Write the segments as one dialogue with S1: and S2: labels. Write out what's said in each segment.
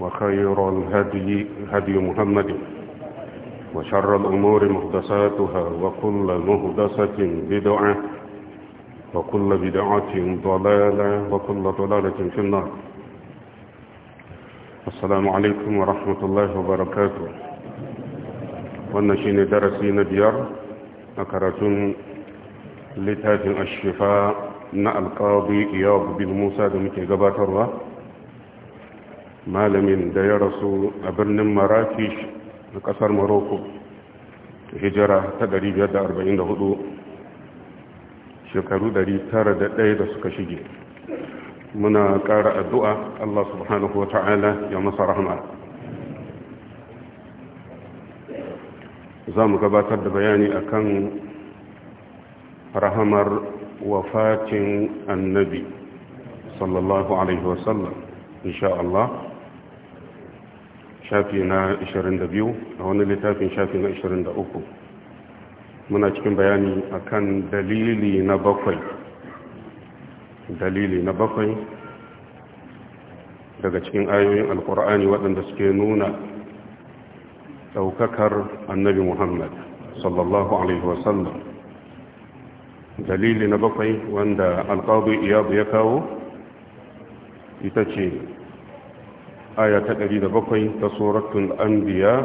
S1: وخير الهدي هدي محمد وشر الأمور مهدساتها وكل مهدسة بدعة وكل بدعة ضلالة وكل ضلالة في النار السلام عليكم ورحمة الله وبركاته والنشين درسين ديار أكرة لتاج الشفاء نا القاضي إياب بن موسى دمك قبات الله malamin da ya rasu a birnin Marrakesh na kasar morocco hijira ta 544 shekaru 901 da suka shige muna ƙara addu'a Allah subhanahu wa ta'ala ya masa rahama za mu gabatar da bayani akan rahamar wafatin annabi sallallahu alaihi wasallam insha Allah shafi na 22 a wani littafin shafi na 23 muna cikin bayani akan dalili na bakwai dalili na bakwai daga cikin ayoyin alkur'ani waɗanda suke nuna ɗaukakar annabi muhammad sallallahu alaihi wasallam dalili na bakwai wanda alƙadu iyabu ya kawo ita ce aya ta 107 ta suratul anbiya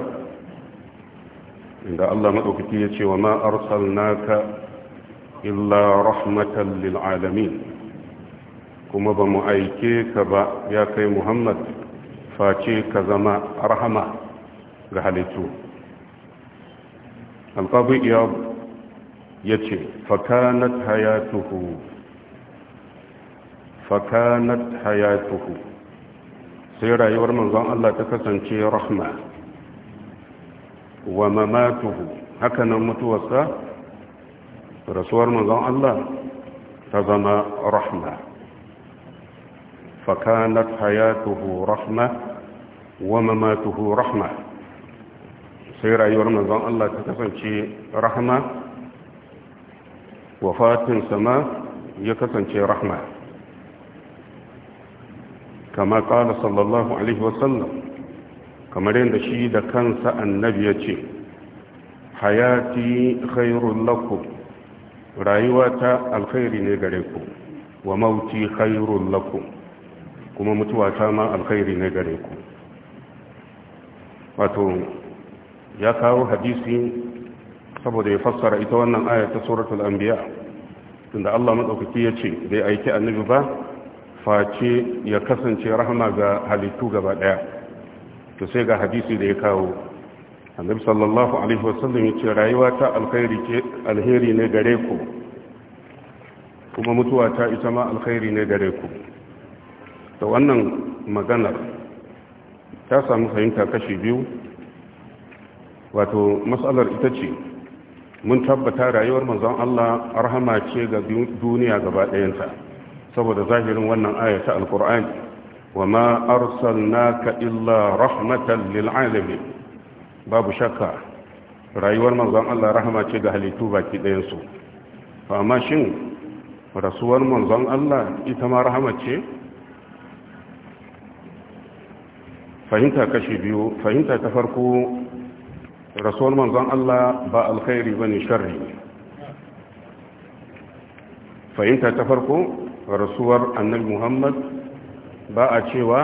S1: inda Allah madaukaki ya wa ma arsalnaka illa rahmatan lil alamin kuma ba mu aike ka ba ya kai Muhammad face ka zama rahama ga halittu alqabi iyab yace fakanat hayatuhu fakanat hayatuhu sai rayuwar manzon Allah ta kasance rahma wa mamatuhu hakanan mutuwarsa rasuwar manzon Allah ta zama rahma fakanat hayatuhu rahma wa mamatuhu rahma sai rayuwar manzon Allah ta kasance rahma wafatinsa ma ya kasance rahma kama kala sallallahu alaihi wasallam kamar yadda shi da kansa annabi ya ce hayati khairun lakum rayuwata alkhairi ne gare ku wa mauti khairun lakum kuma mutuwata ma alkhairi ne gare ku wato ya kawo hadisi saboda ya fassara ita wannan aya ta suratul anbiya tunda Allah madaukaki yace bai aiki annabi ba face ya kasance rahama ga halittu gaba daya to sai ga hadisi da ya kawo annabi sallallahu alaihi wasallam ya ce rayuwa ta alkhairi ce alheri ne gare ku kuma mutuwa ta ita ma alkhairi ne gare ku da wannan maganar ta samu fahimta kashi biyu wato matsalar ita ce mun tabbata rayuwar manzon Allah rahama ce ga duniya gaba ɗayanta saboda zahirin wannan aya alkur'ani wa ma arsalnaka illa rahmatan lil alamin babu shakka rayuwar manzon Allah rahama ce ga halittu baki ɗayan su to amma shin rasuwar manzon Allah ita ma rahama ce fahimta kashi biyu fahimta ta farko rasuwar manzon Allah ba alkhairi bane sharri fahimta ta farko rasuwar annabi muhammad ba a cewa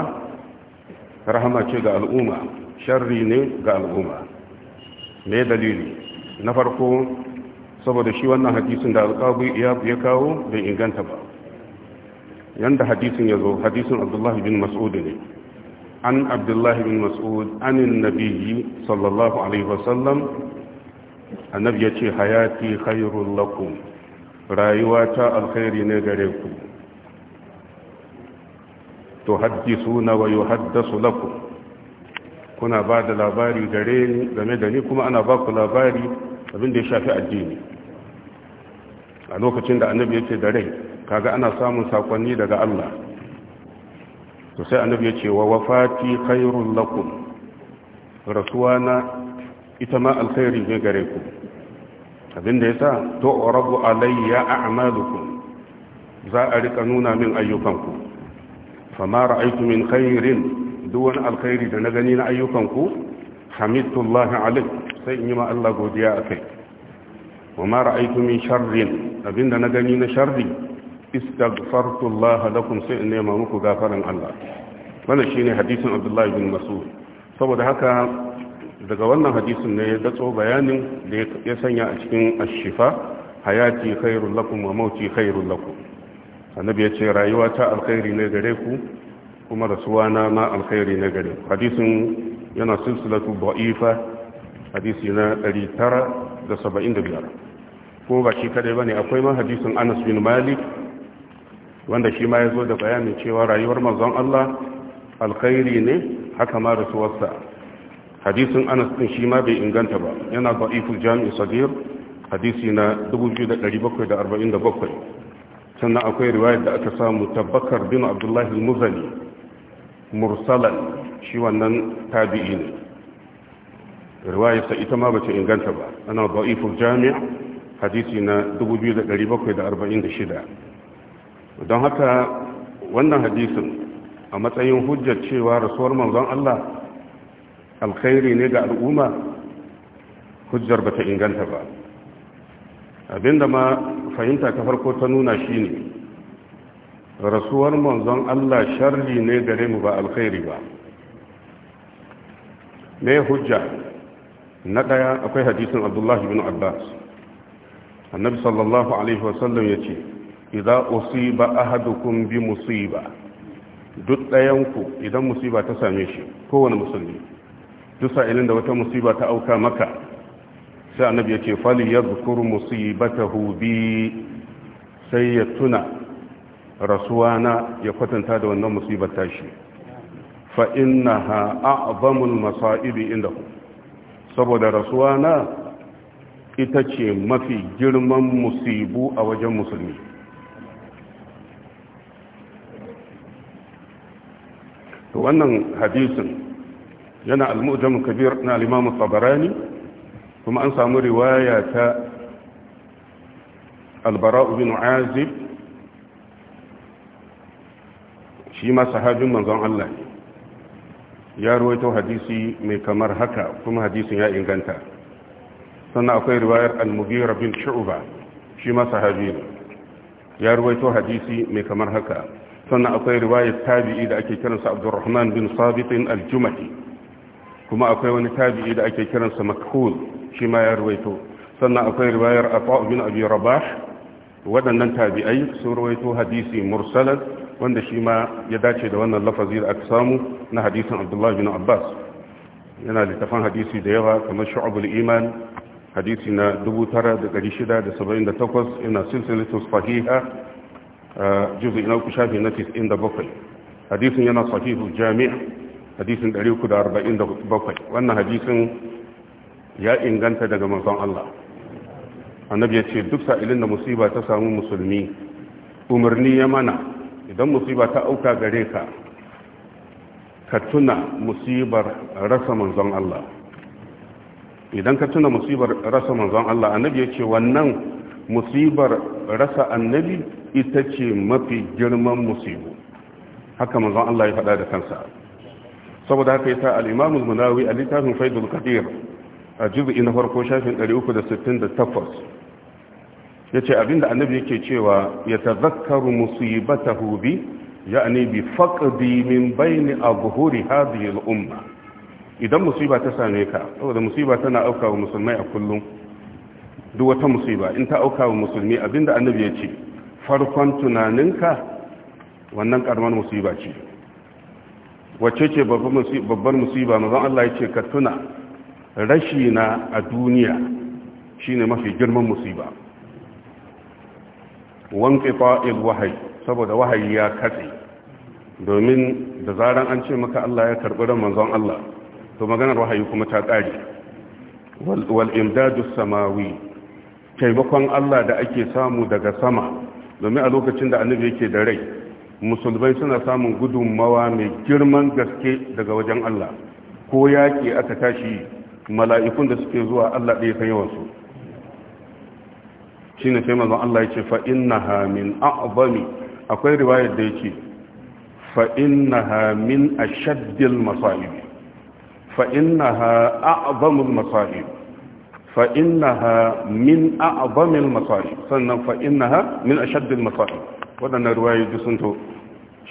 S1: rahama ce ga al'umma sharri ne ga al'umma me dalili na farko saboda shi wannan hadisin da alƙabi ya kawo bai inganta ba yanda hadisin ya zo hadisin abdullahi bin mas'ud ne an abdullahi bin mas'ud anin nabiyyi sallallahu alaihi wasallam annabi ya ce hayati khairul lakum ta alkhairi ne gare ku tuhaddisuna wa yuhaddasu lakum kuna ba da labari gare ni game da ni kuma ana ba ku labari abin da ya shafi addini a lokacin da annabi yake da rai kaga ana samun sakonni daga Allah to sai annabi ya wa wafati khairul lakum rasuwana ita ma alkhairi ne gare ku abinda yasa to rabu alayya a'malukum za a rika nuna min ayyukanku fama ra'aitu min khairin duk wani alkhairi da na gani na ayyukanku hamidullah alai sai in yi ma Allah godiya akai wa ma ra'aitu min abinda na gani na sharri istaghfartullah lakum sai in nema muku gafaran Allah wannan shine hadisin Abdullah bin Mas'ud saboda haka daga wannan hadisin ne ya datso bayanin da ya sanya a cikin ashifa hayati khairul lakum wa mauti khairul lakum annabi ya ce rayuwa ta alkhairi ne gare ku kuma rasuwa na ma alkhairi ne gare ku hadisin yana silsilatu ba'ifa hadisi na 975 ko ba shi kadai ne akwai ma hadisin Anas bin Malik wanda shi ma ya zo da bayanin cewa rayuwar manzon Allah alkhairi ne haka ma rasuwarsa hadisin Anas din shi ma bai inganta ba yana ba'ifu jami'in sadir hadisi na 2747 sannan akwai riwayar da aka samu tabbakar bin abdullahi muzani mursalan shi wannan tabi'i ne riwayarsa ita ma bace inganta ba ana da'iful jami'a hadisi na 2746 don haka wannan hadisin a matsayin hujjar cewa rasuwar manzon Allah alkhairi ne ga al'umma hujjar bata inganta ba abinda ma fahimta ta farko ta nuna shi ne rasuwar manzon Allah sharri ne gare mu ba alkhairi ba me hujja na ɗaya akwai hadisin abdullahi bin abbas annabi sallallahu alaihi wasallam ya ce idan usiba ahadukum bi musiba duk ɗayanku idan musiba ta same shi kowane musulmi duk sa'ilin da wata musiba ta auka maka sai annabi ya ce fali ya zukur musibatahu bi sai ya tuna rasuwa na ya kwatanta da wannan musibar tashi fa innaha a'zamul masa'ibi indahu saboda rasuwa na ita ce mafi girman musibu a wajen musulmi wannan hadisin yana al-mu'jam kabir na al-imam tabarani kuma an samu riwaya ta albara'u bin azib shi ma sahabin manzon Allah ya ruwaito hadisi mai kamar haka kuma hadisin ya inganta sannan akwai riwayar al-mughira bin shu'ba shi ma sahabin. ne ya ruwaito hadisi mai kamar haka sannan akwai riwayar tabi'i da ake kiransa abdurrahman bin sabit al-jumahi kuma akwai wani tabi'i da ake kiransa makhul shi ma ya ruwaito sannan akwai riwayar afa'u bin abi rabah waɗannan tabi'ai sun ruwaito hadisi mursalan wanda shi ma ya dace da wannan lafazi da aka samu na hadisin abdullahi bin abbas yana littafan hadisi da yawa kamar shu'abul iman hadisi na 9678 ina silsilatu sahiha juz'i na uku shafi na 97 hadisin yana sahihu jami' hadisin 347 wannan hadisin ya inganta daga manzon Allah annabi ya ce duk sa'ilin da musiba ta samu musulmi umarni ya mana idan musiba ta auka gare ka ka tuna musibar rasa manzon Allah idan ka tuna musibar rasa manzon Allah annabi ya ce wannan musibar rasa annabi ita ce mafi girman musibu haka manzon Allah ya faɗa da kansa saboda haka yasa al-Imam al-Munawi a littafin Faidul Qadir a jubi'i na farko shafin 368 ya ce abinda annabi yake cewa ya tazakkaru musibatahu ya ya'ani bi a min bayni ya hadhihi al-umma idan musiba ta same ka saboda musiba tana auka wa musulmai a kullum duk wata musiba in ta auka wa musulmi abinda annabi ya ce farkon tunaninka wannan karamar musiba ce wacce ce babbar musiba mazan Allah ya ce ka tuna rashi na a duniya shine mafi girman musiba wanke fa'il wahayi saboda wahayi ya katse domin da zaran an ce maka Allah ya karɓi ran manzon Allah to maganar wahayi kuma ta ƙare wal samawi taimakon Allah da ake samu daga sama domin a lokacin da annabi yake da rai musulmai suna samun gudunmawa mai girman gaske daga wajen Allah ko yaƙi aka tashi mala'ikun da suke zuwa Allah ɗaya kan yawansu shi ne sai mazan Allah ya ce fa'inna hamin a'abami akwai riwayar da ya ce fa'inna hamin a shaddil masa'ibi fa'inna ha a'abamul masa'ibi fa'inna ha min a'abamul masa'ibi sannan fa'inna ha min a shaddil masa'ibi waɗannan riwayar da sun to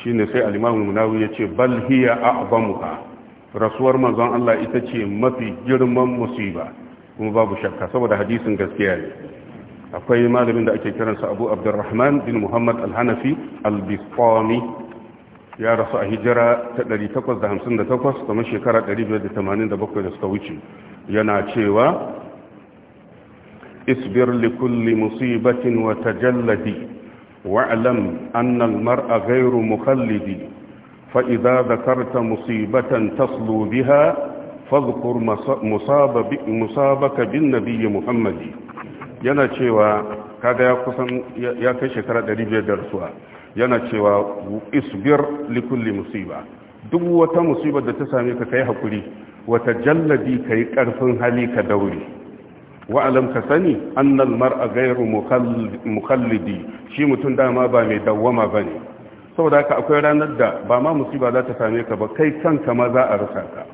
S1: shi ne sai alimamun munawi ya ce bal hiya a'abamuha rasuwar manzon Allah ita ce mafi girman musiba kuma babu shakka saboda hadisin gaskiya ne akwai malamin da ake kiransa Abu Abdurrahman bin Muhammad Al-Hanafi Al-Bistami ya rasu a hijira ta 858 kuma shekara 587 da suka wuce yana cewa isbir li kulli musibatin wa tajalladi wa'lam anna al-mar'a ghayru mukhallidi فإذا ذكرت مصيبة تصلو بها فاذكر مصابك بالنبي محمد yana cewa kaga ya kusan ya kai shekara 500 da rasuwa yana cewa isbir likulli musiba duk wata musiba da ta same ka kai hakuri wata jalladi kai karfin hali ka daure wa alam ka sani annal mar'a ghayru mukallidi shi mutum dama ba mai dawwama bane saboda haka akwai ranar da ba ma musiba za ta same ka ba kai kanka ma za a rasa ka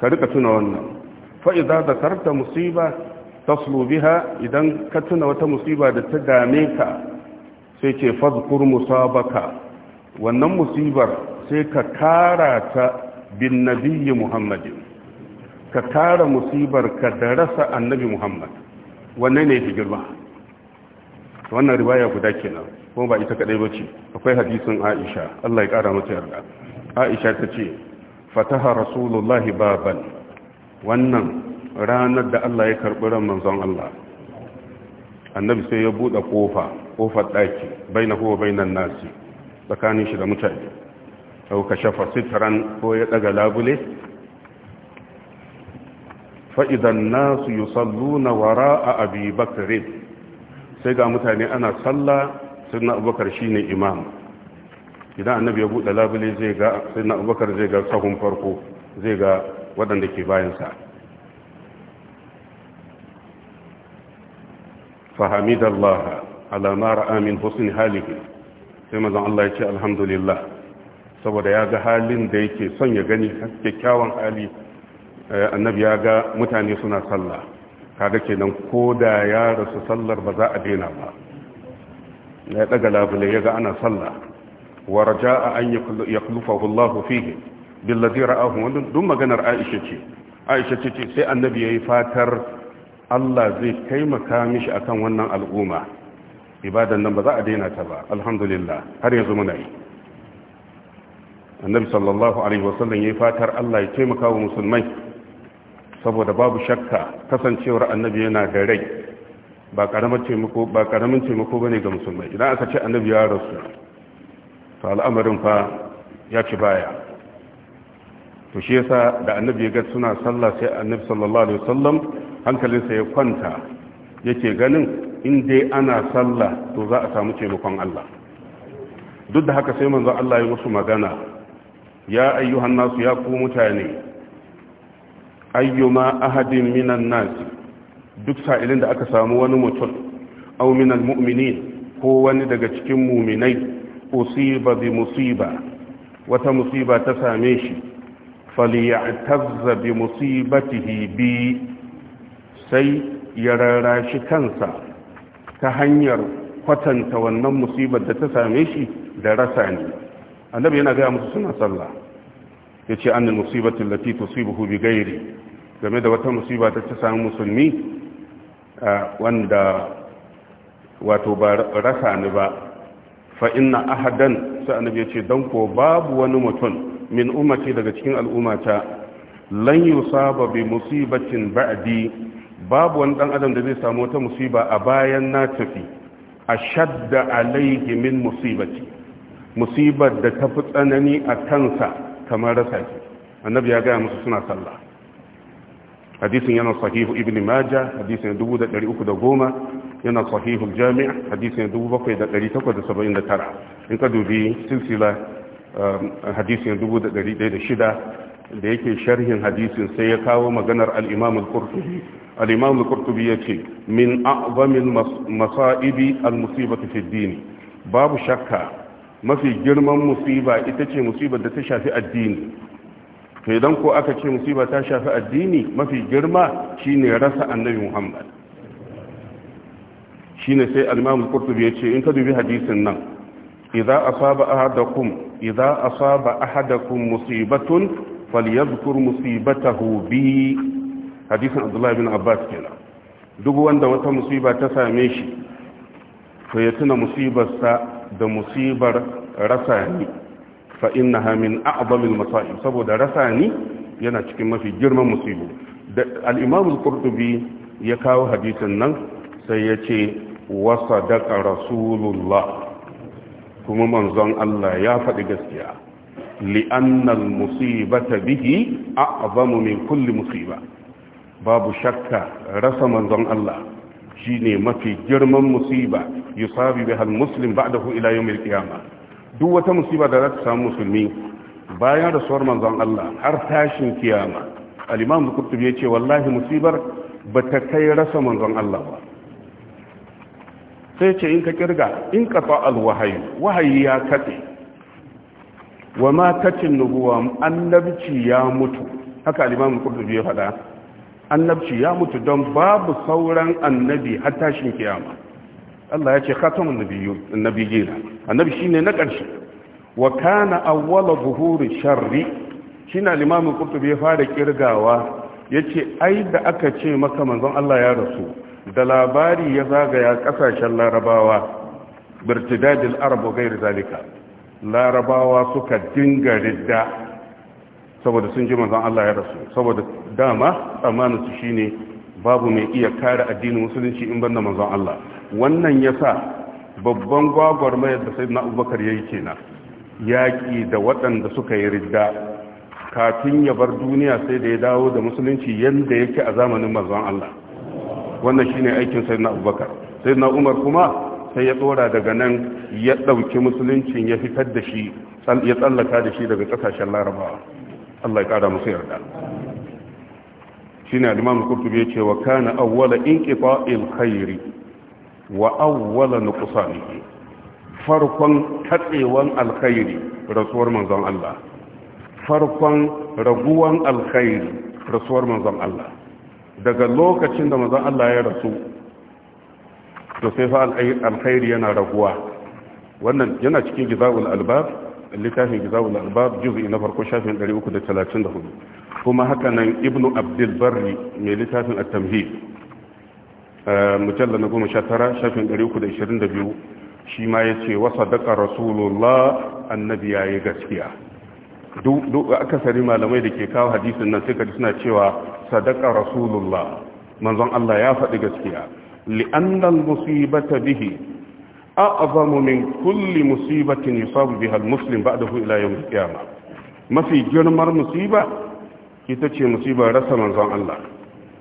S1: ka rika tuna wannan fa idza zakarta musiba taslu biha idan ka tuna wata musiba da ta dame ka sai ce fadhkur musabaka wannan musibar sai ka kara ta bin nabiyyi muhammadin ka kara musibar ka da rasa annabi muhammad wannan ne fi girma wannan riwaya guda kenan kuma ba ita kadai bace akwai hadisin Aisha Allah ya kara mata yarda Aisha ta ce fataha rasulullahi baban wannan ranar da Allah ya karbi ran manzon Allah annabi sai ya bude kofa kofar daki bainahu wa bainan nasi tsakanin shi da mutane au shafa sitran ko ya daga labule fa idan nasu yusalluna wara'a abi bakr sai ga mutane ana sallah sai abubakar shi ne imam idan annabi ya buɗe labule zai ga sai abubakar zai ga sahun farko zai ga waɗanda ke bayansa fahimidallaha alamara amin husni halihi sai mazan Allah ya ce alhamdulillah saboda ya ga halin da yake son ya gani kyakkyawan hali eh, annabi ya ga mutane suna sallah kaga kenan ko da ya rasu sallar ba za a daina ba ya daga labule ya ga ana sallah wa raja'a an yaklufahu Allah fihi billazi ra'ahu wannan duk maganar Aisha ce Aisha ce sai annabi yayi fatar Allah zai taimaka mishi akan wannan al'umma ibadan nan ba za a daina ta ba alhamdulillah har yanzu muna yi annabi sallallahu alaihi wasallam yayi fatar Allah ya taimaka wa musulmai saboda babu shakka kasancewar annabi yana da rai ba karamin taimako ba karamin taimako bane ga musulmai idan aka ce annabi ya rasu to al'amarin fa ya ci baya to shi yasa da annabi ya ga suna sallah sai annabi sallallahu alaihi wasallam hankalinsa ya kwanta yake ganin in dai ana sallah to za a samu taimakon Allah duk da haka sai manzo Allah ya musu magana ya ayyuhan nasu ya ku mutane ayyuma ahadin minan nasi duk sa'ilin da aka samu wani mutum aw minal mu'minin ko wani daga cikin muminai usiba bi musiba wata musiba ta same shi falyatazza bi musibatihi bi sai ya rarashi kansa ta hanyar kwatanta wannan musibar da ta same shi da rasa ne annabi yana ga musu suna sallah ya ce annan musibatin lati tusibuhu bi gairi game da wata musiba ta ta samu musulmi wanda wato ba rasa ni ba fa ahadan sai annabi ya ce dan ko babu wani mutum min umarci daga cikin al'ummata lan yusaba bi musibacin ba'adi. babu wani dan adam da zai samu wata musiba a bayan na tafi a shadda min musibaci. musibar da ta fi tsanani a kansa kamar rasa ki annabi ya gaya musu suna sallah hadisin yana sahihu ibn maja hadisin 1310 yana sahihu jami' hadisin 7879 in ka dubi silsila um, hadisin 1106 da yake sharhin hadisin sai ya kawo maganar al-imam al-qurtubi al-imam al-qurtubi yace min a'zamil masaibi al-musibati fi ad-din babu shakka mafi girman musiba ita ce musibar da ta shafi addini to idan ko aka ce musiba ta shafi addini mafi girma shine rasa annabi muhammad shine sai al-imam qurtubi yace in ka dubi hadisin nan idza asaba ahadakum idza asaba ahadakum musibatun falyadhkur musibatahu bi hadisin abdullah ibn abbas kenan duk wanda wata musiba ta same shi to ya tuna musibarsa da musibar rasa ni fa innaha min a'zamil masa'ib saboda rasa ni yana cikin mafi girman musibu al-imam al-qurtubi ya kawo hadisin nan sai ya ce wa sadaqa rasulullah kuma manzon Allah ya faɗi gaskiya li'anna al-musibata bihi a'zamu min kulli musiba babu shakka rasa manzon Allah shine mafi girman musiba yusabi biha muslim ba'dahu ila yawm al-qiyamah duk wata musiba da za ta samu musulmi bayan rasuwar manzon Allah har tashin kiyama al-imam al-qurtubi yace wallahi musibar bata kai rasa manzon Allah ba sai ce in ka kirga in qata al-wahyi wahayi ya katse wa ma tatin nubuwa annabci ya mutu haka al-imam al-qurtubi ya faɗa annabci ya mutu don babu sauran annabi har tashin kiyama Allah ya ce khatamun nabiyyin annabi shine na ƙarshe wa kana awwala zuhuri sharri shine al-imam qurtubi ya fara kirgawa yace ai da aka ce maka manzon Allah ya rasu da labari ya zagaya kasashen larabawa birtidadil arab wa ghairi zalika larabawa suka dinga ridda saboda sun ji manzon Allah ya rasu saboda dama tsammanin su shine babu mai iya kare addinin musulunci in banda manzon Allah wannan ya sa babban gwagwar gwagwarmayar da sai na abubakar ya yi kenan yaƙi da waɗanda suka yi ridda kafin ya bar duniya sai da ya dawo da musulunci yadda yake a zamanin mazan Allah wannan shi ne aikin sai na abubakar sai na umar kuma sai ya tsora daga nan ya ɗauki musuluncin ya fitar da shi ya tsallaka da shi daga ƙasashen larabawa Allah ya ƙara musu yarda shi ne alimamu kurtubi ya ce wa kana awwala inqita'il khairi wa awwala nuqsanihi farkon tatsewan alkhairi rasuwar manzon Allah farkon raguwan alkhairi rasuwar manzon Allah daga lokacin da manzon Allah ya rasu to sai fa alkhairi yana raguwa wannan yana cikin gizawul albab littafin gizawul albab juz'i na farko shafin 334 kuma haka nan ibnu abdul barri mai littafin at-tamhid Eh, mujalla na goma sha tara shafin ɗari uku da ishirin da biyu shi ma ya ce wasa daƙa rasulullah annabi ya yi gaskiya duk akasari malamai da ke kawo hadisin nan sai ka suna cewa sadaka rasulullah manzon Allah ya faɗi gaskiya li'annal musibata bihi a'zamu min kulli musibatin yusabu biha ba ba'dahu ila yawm al-qiyamah mafi girmar musiba ita ce musibar rasa manzon Allah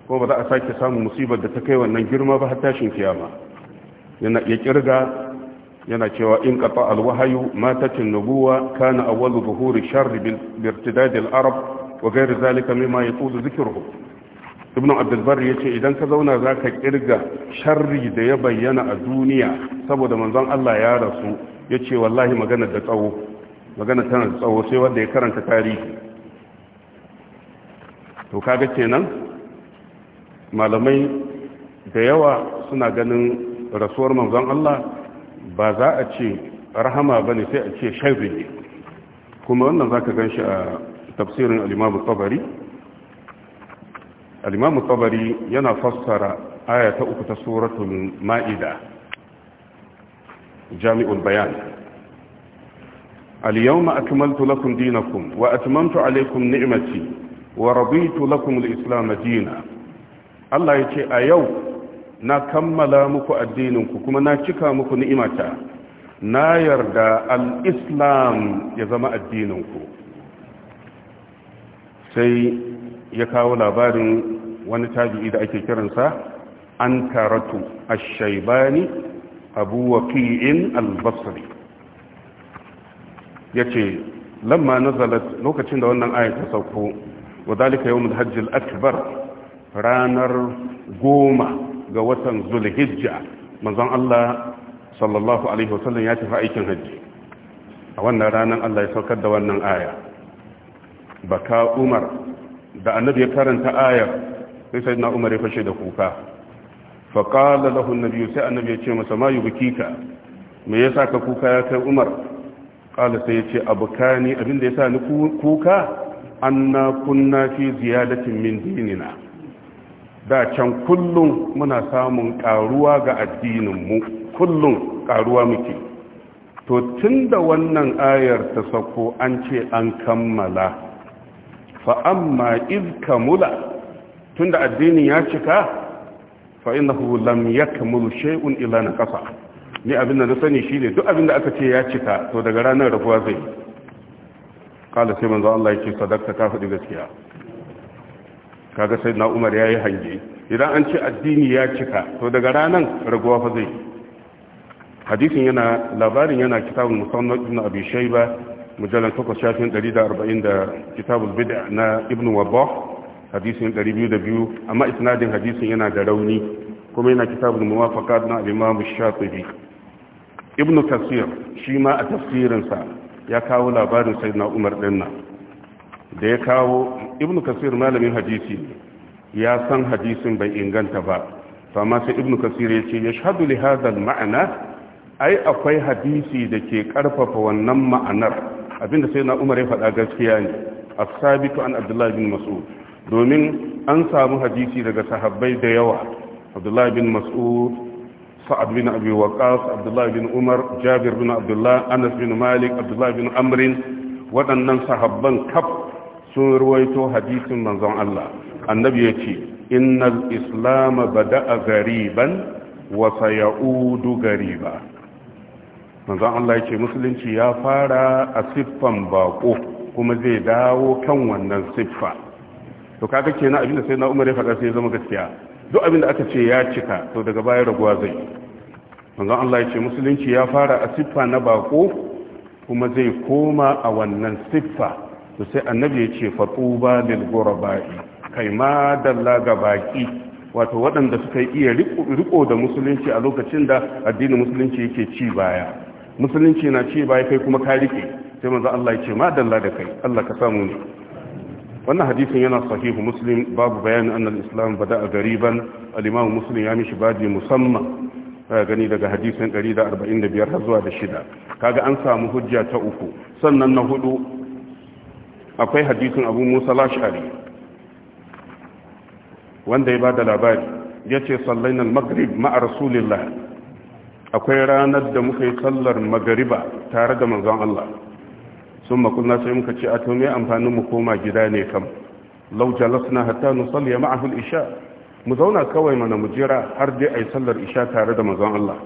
S1: ko ba za a sake samun musibar da ta kai wannan girma ba har tashin kiyama yana ya kirga yana cewa in qata al wahyu matatin nubuwa kana awwalu zuhuri sharri bi irtidad al arab wa ghayr zalika mimma yaqulu dhikruhu ibn abdul bar yace idan ka zauna zaka kirga sharri da ya bayyana a duniya saboda manzon Allah ya rasu yace wallahi magana da tsawo magana tana da tsawo sai wanda ya karanta tarihi to kaga kenan malamai da yawa suna ganin rasuwar manzon Allah ba za a ce rahama ba ne sai a ce shaibi ne kuma wannan za ka gan shi a tafsirin alimamu tsabari alimamu tsabari yana fassara aya ta uku ta suratun ma'ida jami'ul bayan اليوم أكملت لكم دينكم وأتممت عليكم wa ورضيت لكم islam دينا Allah ya ce a yau na kammala muku addininku kuma na cika muku ni'imata na yarda al-islam ya zama addininku sai ya kawo labarin wani tabi'i da ake kiransa an karatu ashaibani abu waqi'in al-basri yace lamma nazalat lokacin da wannan ayat ta sauko wadalika yawmul hajj al-akbar ranar goma ga watan zulhijja manzon Allah sallallahu alaihi wasallam ya tafi aikin hajji a wannan ranar Allah ya saukar da wannan aya baka umar da annabi ya karanta ayar sai sai na umar ya fashe da kuka faƙala lahun nabi sai annabi ya ce masa ma yi bukika me ya sa ka kuka ya kai umar ƙala sai ya ce abokani abinda ya sa ni kuka an na kunna fi ziyadatin min dinina da can kullum muna samun karuwa ga addininmu kullum karuwa muke to tun da wannan ayar ta sako an ce an kammala fa amma iz kamula tun da addinin ya cika innahu lam yakmul shay'un shai'un ila na ni abin da na sani shi ne duk abin da aka ce ya cika to daga ranar rafuwa zai kala sai manzo Allah yake sadaka ta faɗi gaskiya kaga sai na umar ya yi hange idan an ce addini ya cika to daga ranar raguwa fa zai hadisin yana labarin yana kitabun musamman ibn abi ba mujallar takwas shafin 140 da kitabul bid'a na ibn wabba hadisin 202 amma isnadin hadisin yana da rauni kuma yana kitabul muwafaqat na imam shafi ibn kasir shi ma a tafsirinsa ya kawo labarin sayyidina umar dinnan da ya kawo ibnu kasir malamin hadisi ya san hadisin bai inganta ba to amma sai ibn kasir ya ce ya li lihazan ma'ana ai akwai hadisi da ke karfafa wannan ma'anar abinda sai na umar ya faɗa gaskiya ne as-sabitu an abdullahi bin mas'ud domin an samu hadisi daga sahabbai da yawa abdullahi bin mas'ud sa'ad bin abi waqas abdullahi bin umar jabir bin abdullah anas bin malik abdullahi bin amrin waɗannan sahabban kaf sun ruwaito hadisin manzon Allah annabi ya ce innal islam bada'a gariban wa sayaudu gariba manzon Allah ya ce musulunci ya fara a siffan bako kuma zai dawo kan wannan siffa to kaga kenan abinda sai na Umar ya faɗa sai ya zama gaskiya duk abinda aka ce ya cika to daga baya raguwa zai manzon Allah ya ce musulunci ya fara a siffa na bako kuma zai koma a wannan siffa to sai annabi ya ce fatuba lil ghurabai kai ma dalla ga baki wato waɗanda suka iya riko da musulunci a lokacin da addinin musulunci yake ci baya musulunci na ci baya kai kuma ka rike sai manzo Allah ya ce ma dalla da kai Allah ka samu ne wannan hadisin yana sahihu muslim babu bayani annal islam bada'a gariban al-imam muslim ya mishi baji musamman eh, gani daga hadisin 145 har zuwa da shida kaga an samu hujja ta uku sannan na hudu akwai hadisin abu musa lashari wanda ya ba da labari ya ce sallainar maghrib ma'a rasulillah akwai ranar da muka yi sallar magariba tare da manzon Allah sun makunna sai muka ce a to me koma gida ne kam lau jalasna hatta nusalli ma'ahu al-isha mu zauna kawai mana mu jira har dai yi sallar isha tare da manzon Allah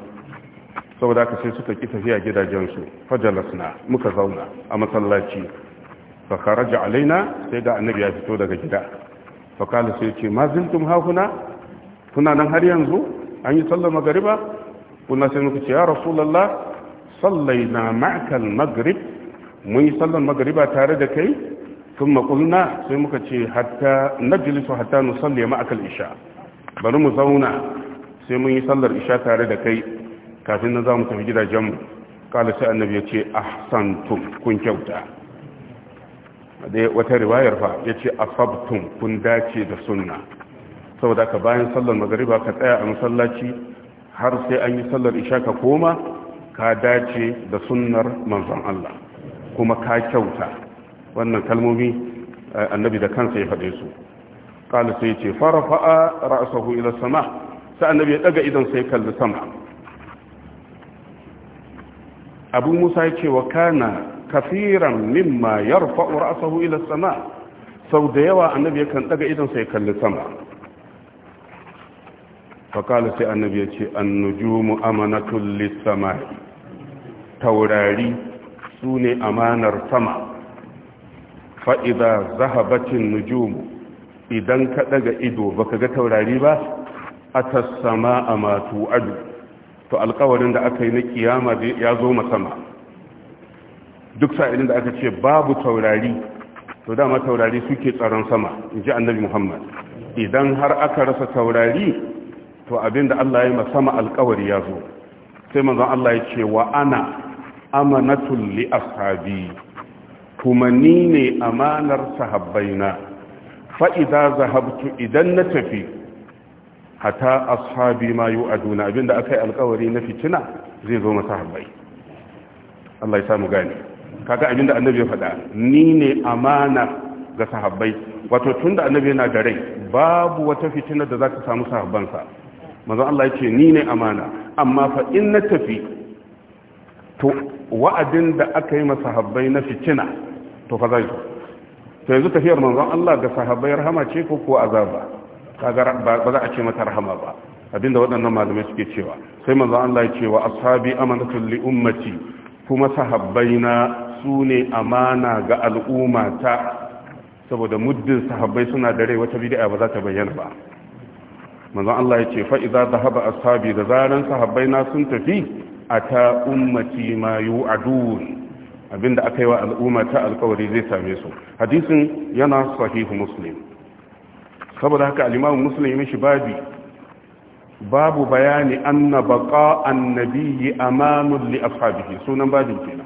S1: saboda haka sai suka ki tafiya gidajensu fajalasna muka zauna a masallaci fa kharaja alaina sai da annabi ya fito daga gida fa kala sai ce ma ziltum hakuna kuna nan har yanzu an yi sallar magariba kuna sai muka ce ya rasulullah sallaina ma'aka al-maghrib mun yi sallar magariba tare da kai thumma qulna sai muka ce hatta najlisu hatta nusalli ma'aka al-isha bari mu zauna sai mun yi sallar isha tare da kai kafin na za mu tafi gidajenmu mu sai annabi ya ce ahsantum kun kyauta wata riwayar fa ya ce asabtum kun dace da sunna saboda ka bayan sallar magariba ka tsaya a masallaci har sai an yi sallar isha ka koma ka dace da sunnar manzon Allah kuma ka kyauta wannan kalmomi eh, annabi da kansa ya faɗe su qala sai ce farafa'a ra'sahu ila sama sai annabi ya daga idan sai kalli sama abu musa ya ce wa kana kafiran mimma yarfa'u ra'sahu ila sama sau da yawa annabi yakan daga idan sai kalli sama fakala sai annabi ya ce annujumu amanatun lissamai taurari su ne amanar sama fa'iza zahabacin nujumu idan ka daga ido baka ga taurari ba a tassama a matu adu to alkawarin da aka yi na kiyama ya zo sama duk sa'ilin da aka ce babu taurari to dama taurari suke tsaron sama in ji annabi muhammad idan har aka rasa taurari to abinda allah ya masama alkawari ya zo sai manzon allah ya ce wa ana amanatul li ashabi kuma ni ne amanar sahabbaina fa'iza zahabtu idan na tafi hata ashabi ma yi aduna abinda aka yi alkawari na fitina zai zo masahabbai Allah ya samu gane kaga abinda annabi ya faɗa ni ne amana ga sahabbai wato tunda annabi yana da rai babu wata fitina da za ka samu sahabbansa manzo Allah ya ni ne amana amma fa in na tafi to wa'adin da aka yi masahabbai na fitina to fa zai to yanzu tafiyar manzo Allah ga sahabbai rahama ce ko kuwa azaba kaga ba za a ce mata rahama ba abinda waɗannan malamai suke cewa sai manzo Allah ya ce wa ashabi amanatul li ummati kuma sahabbai na su ne amana ga al'umma ta saboda muddin sahabbai suna da rai wata bid'a ba za ta bayyana ba manzon Allah ya ce fa idza dhahaba ashabi da zaran sahabbai na sun tafi ata ummati ma yu'adun abinda aka yi wa al'umma ta alkawari zai same su hadisin yana sahihu muslim saboda haka al-imam muslim ya mishi babi babu bayani anna baqa annabiyyi amanun li ashabihi sunan babin kenan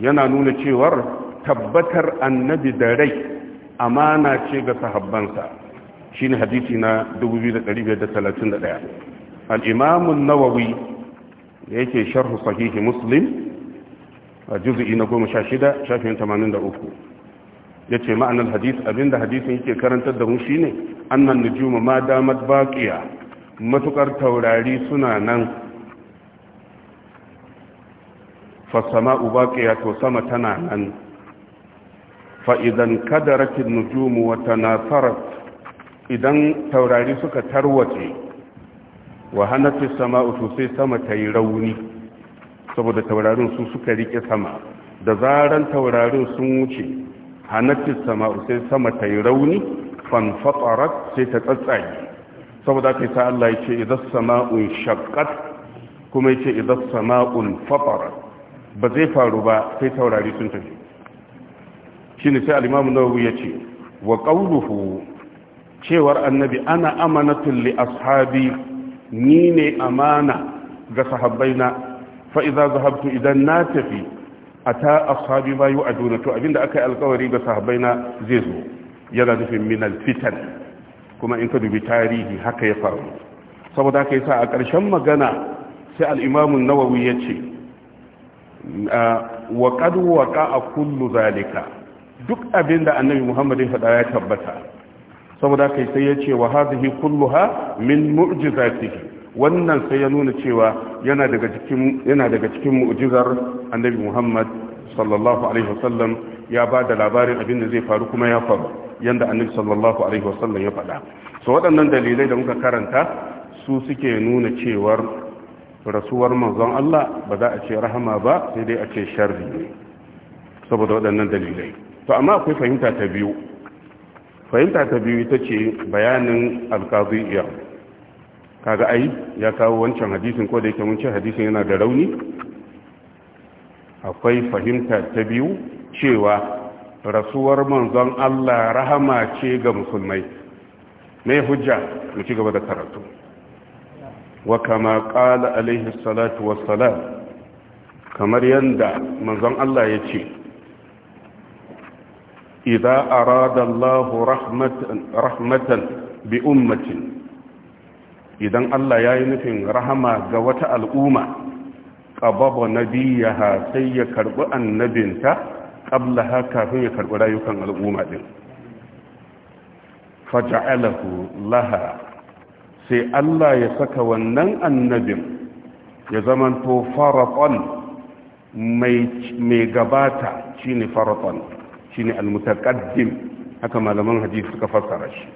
S1: yana nuna cewar tabbatar annabi da rai amana ce ga sahabbansa shine hadisi na 2531 al-imam an-nawawi da yake sharh sahih muslim juz'i na 16 shafin 83 ya ce ma'anar hadis abinda hadisin yake karantar da mu shine annan nujuma ma damat baqiya matukar taurari suna nan fasama'u baqiya to sama tana nan fa idan kadarat an-nujumu wa tanafarat idan taurari suka tarwace wa hanat ce samau to sai sama tayi rauni saboda taurarin su suka rike sama da zaran taurarin sun wuce hanatis sama'u sai sama ta yi rauni fanfatarat sai ta tsatsaye saboda yi ta Allah ya ce idan sama'un shakkat kuma ya ce idan sama'un fatara ba zai faru ba sai taurari sun tafi shi ne sai alimamu nawawi ya ce wa ƙauluhu cewar annabi ana amanatun li ashabi ni ne amana ga sahabbaina fa'iza zahabtu idan na tafi A ta ashabi yi yu'aduna to abinda aka yi alkawari ga sahabbai na zai zo yana nufin min fitan kuma in ka dubi tarihi haka ya faru saboda yi sa a ƙarshen magana sai al-Imam an-Nawawi yace wa qad waqa'a kullu zalika duk abinda annabi Muhammad ya faɗa ya tabbata saboda yi sai yace wa hadhihi kulluha min mu'jizatihi wannan sai ya nuna cewa yana daga cikin mu'jizar annabi Muhammad sallallahu alaihi wasallam ya ba da labarin abin da zai faru kuma ya faru yadda annabi sallallahu alaihi wasallam ya faɗa so waɗannan dalilai da muka karanta su suke nuna cewar rasuwar manzon Allah ba za a ce rahama ba sai dai a ce sharri ne saboda waɗannan dalilai to amma akwai fahimta ta biyu fahimta ta biyu ita ce bayanin alkazi iyar kaga ai ya kawo wancan hadisin ko da yake mun ce hadisin yana da rauni akwai fahimta ta biyu cewa rasuwar manzon Allah rahama ce ga musulmai mai hujja mu ci gaba da karatu wa kama qala alaihi salatu wassalam kamar yanda manzon Allah ya ce idza arada Allah rahmatan rahmatan bi ummatin idan Allah ya yi nufin rahama ga wata al'umma ƙababa nabiyaha sai ya karɓi annabinta ƙablaha kafin ya karɓi rayukan al'umma ɗin faja'alahu laha sai Allah ya saka wannan annabin ya zamanto faraton mai gabata shine faraton shine almutaqaddim haka malaman hadisi suka fassara shi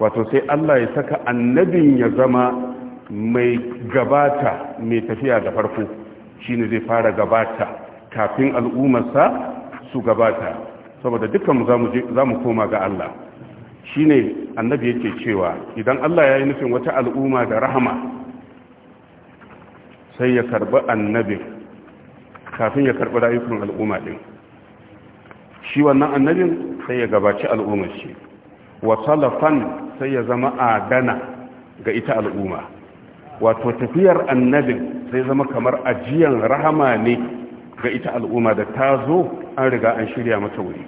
S1: wato sai Allah ya saka annabin ya zama mai gabata mai tafiya da farko shine zai fara gabata kafin al'ummarsa su gabata saboda dukkan za mu koma ga Allah shine annabi yake cewa idan Allah ya yi nufin wata al'umma da rahama sai ya karbi annabi kafin ya karbi rayukan al'umma din shi wannan annabin sai ya gabaci al'ummar shi wa salafan sai ya zama adana ga ita al'umma wato tafiyar annabin sai zama kamar ajiyan rahama ne ga ita al'umma da ta zo an riga an shirya mata wuri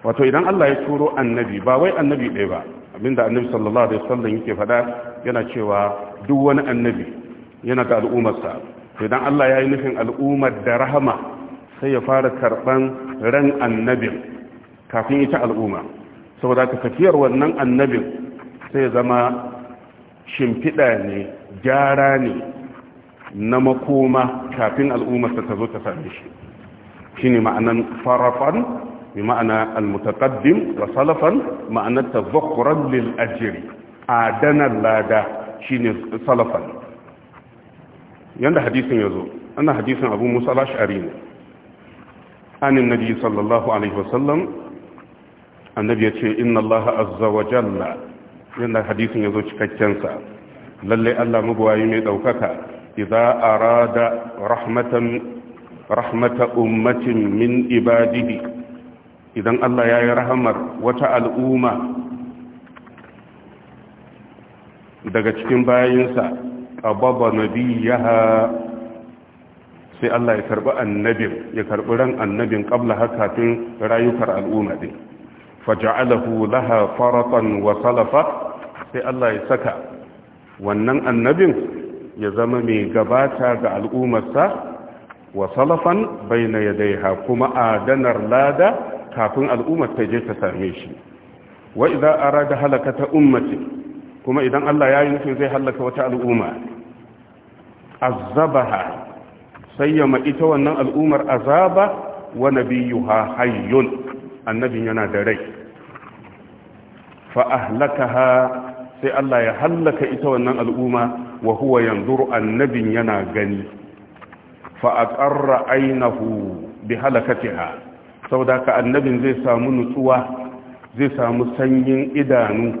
S1: wato idan Allah ya turo annabi ba wai annabi ɗaya ba abinda annabi sallallahu alaihi wasallam yake faɗa yana cewa duk wani annabi yana da al'ummarsa idan Allah ya yi nufin al'ummar da rahama sai ya fara karɓan ran annabin kafin ita al'umma saboda ka tafiyar wannan annabin sai zama shimfiɗa ne gyara ne na makoma kafin al'ummarsa ta zo ta same shi shi ne ma'anan farafan bi ma'ana almutaqaddim wa salafan ma'anar tazakkuran lil ajri adanar lada shi ne salafan yanda hadisin ya zo, ana hadisin Abu Musa al-Ash'ari ne anin nabi sallallahu alaihi wasallam annabi ya ce inna allaha azza wa jalla yana hadisin ya zo cikakkensa lalle allah mabuwayi mai ɗaukaka idza arada rahmatan rahmata ummatin min ibadihi idan allah ya yi rahamar wata al'umma daga cikin bayinsa ababa nabiyaha sai allah ya karbi annabin ya karbi ran annabin kabla haka kafin rayukar al'umma din faja'alahu laha faratan wa salafa sai Allah ya saka wannan annabin ya zama mai gabata ga al'ummarsa wa salafan baina yadayha kuma adanar lada kafin al'ummar ta je ta same shi wa idza arada halakata ummati kuma idan Allah ya yi nufin zai halaka wata al'umma azabaha sayyama ita wannan al'ummar azaba wa nabiyuha hayyun annabin yana da rai fa sai Allah ya hallaka ita wannan al'umma wa huwa yanzuru annabin yana gani fa aqarra aynahu bi halakatiha saboda ka annabin zai samu nutsuwa zai samu sanyin idanu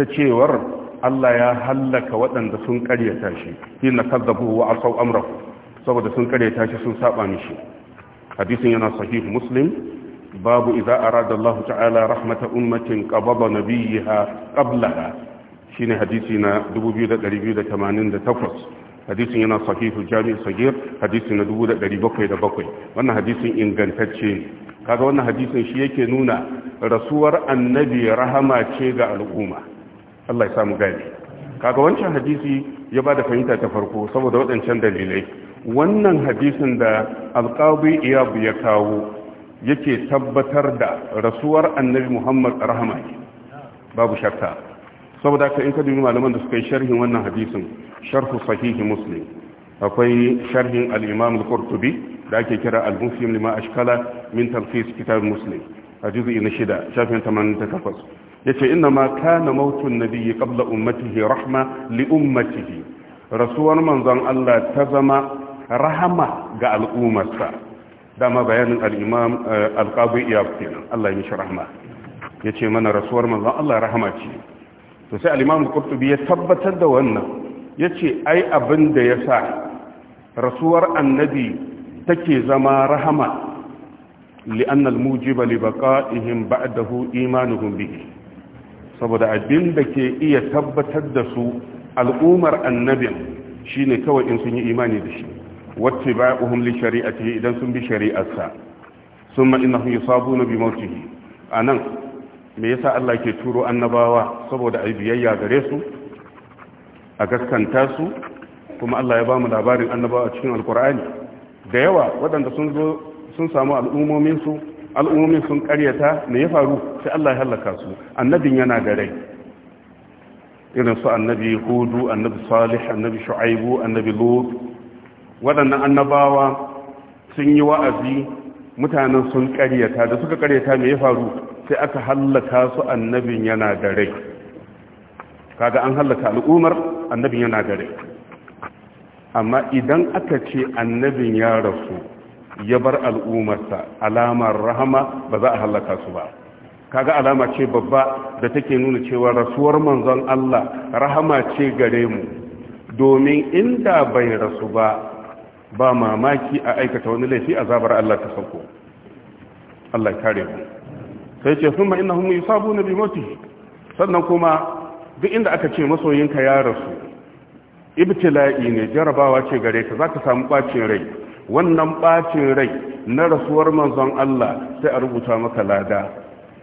S1: ta cewar Allah ya hallaka waɗanda sun tashi, shi hina kazzabu wa asaw amrahu saboda sun ƙaryata tashi sun saba mishi hadisin yana sahih muslim babu idza arada Allah ta'ala rahmata ummatin qabada nabiyha qablaha shine hadisi na 2288 hadisin yana sahihu jami' sagir hadisi na 1707 wannan hadisin ingantacce kaga wannan hadisin shi yake nuna rasuwar annabi rahama ce ga al'umma Allah ya samu gani kaga wancan hadisi ya bada fahimta ta farko saboda waɗancan dalilai wannan hadisin da alƙawi iyabu ya kawo yake tabbatar da rasuwar annabi muhammad rahama babu shakka saboda ka in ka dubi malaman da suka yi sharhin wannan hadisin sharhu sahihi muslim akwai sharhin al-imam al-qurtubi da ake kira al-muslim lima ashkala min talqis kitab muslim a juz'i na shida shafin 88 yace inna ma kana mautun nabiyyi qabla ummatihi rahma li ummatihi rasuwar manzon Allah ta zama rahama ga al'ummarsa dama bayanin al-imam eh, iya kenan Allah ya mishi rahma yace mana rasuwar manzon Allah rahama ce to sai al-imam al ya tabbatar da wannan yace ai abin da yasa rasuwar annabi take zama rahama li'an al-mujiba li baqa'ihim ba'dahu imanuhum bihi saboda abin da ke iya tabbatar da su al'umar annabin shine kawai in sun yi imani da shi wacce ba uhum shari'a shari'atihi idan sun bi shari'arsa summa innahum yusabuna bi mautihi anan me yasa Allah ke turo annabawa saboda ai biyayya gare su a gaskanta su kuma Allah ya bamu labarin annabawa cikin alkur'ani da yawa waɗanda sun zo sun samu al'ummomin su al'ummomin sun karyata me ya faru sai Allah ya halaka su annabin yana da rai irin su annabi hudu annabi salih annabi shu'aibu annabi lut waɗannan annabawa sun yi wa'azi mutanen sun ƙaryata da suka ƙaryata mai ya faru sai aka hallaka su annabin yana da rai kaga an hallaka al'umar annabin yana da rai amma idan aka ce annabin ya rasu ya bar al'umarsa alamar rahama ba za a hallaka su ba kaga alama ce babba da take nuna cewa rasuwar manzon Allah rahama ce gare mu domin inda bai rasu ba ba mamaki a aikata wani laifi a zabar Allah ta sauko Allah kare mu sai ce sun ma'ina hun yi sabu na sannan kuma duk inda aka ce masoyinka ya rasu ibtila'i ne jarabawa ce gare ka za ka samu ɓacin rai wannan ɓacin rai na rasuwar manzon Allah sai a rubuta maka lada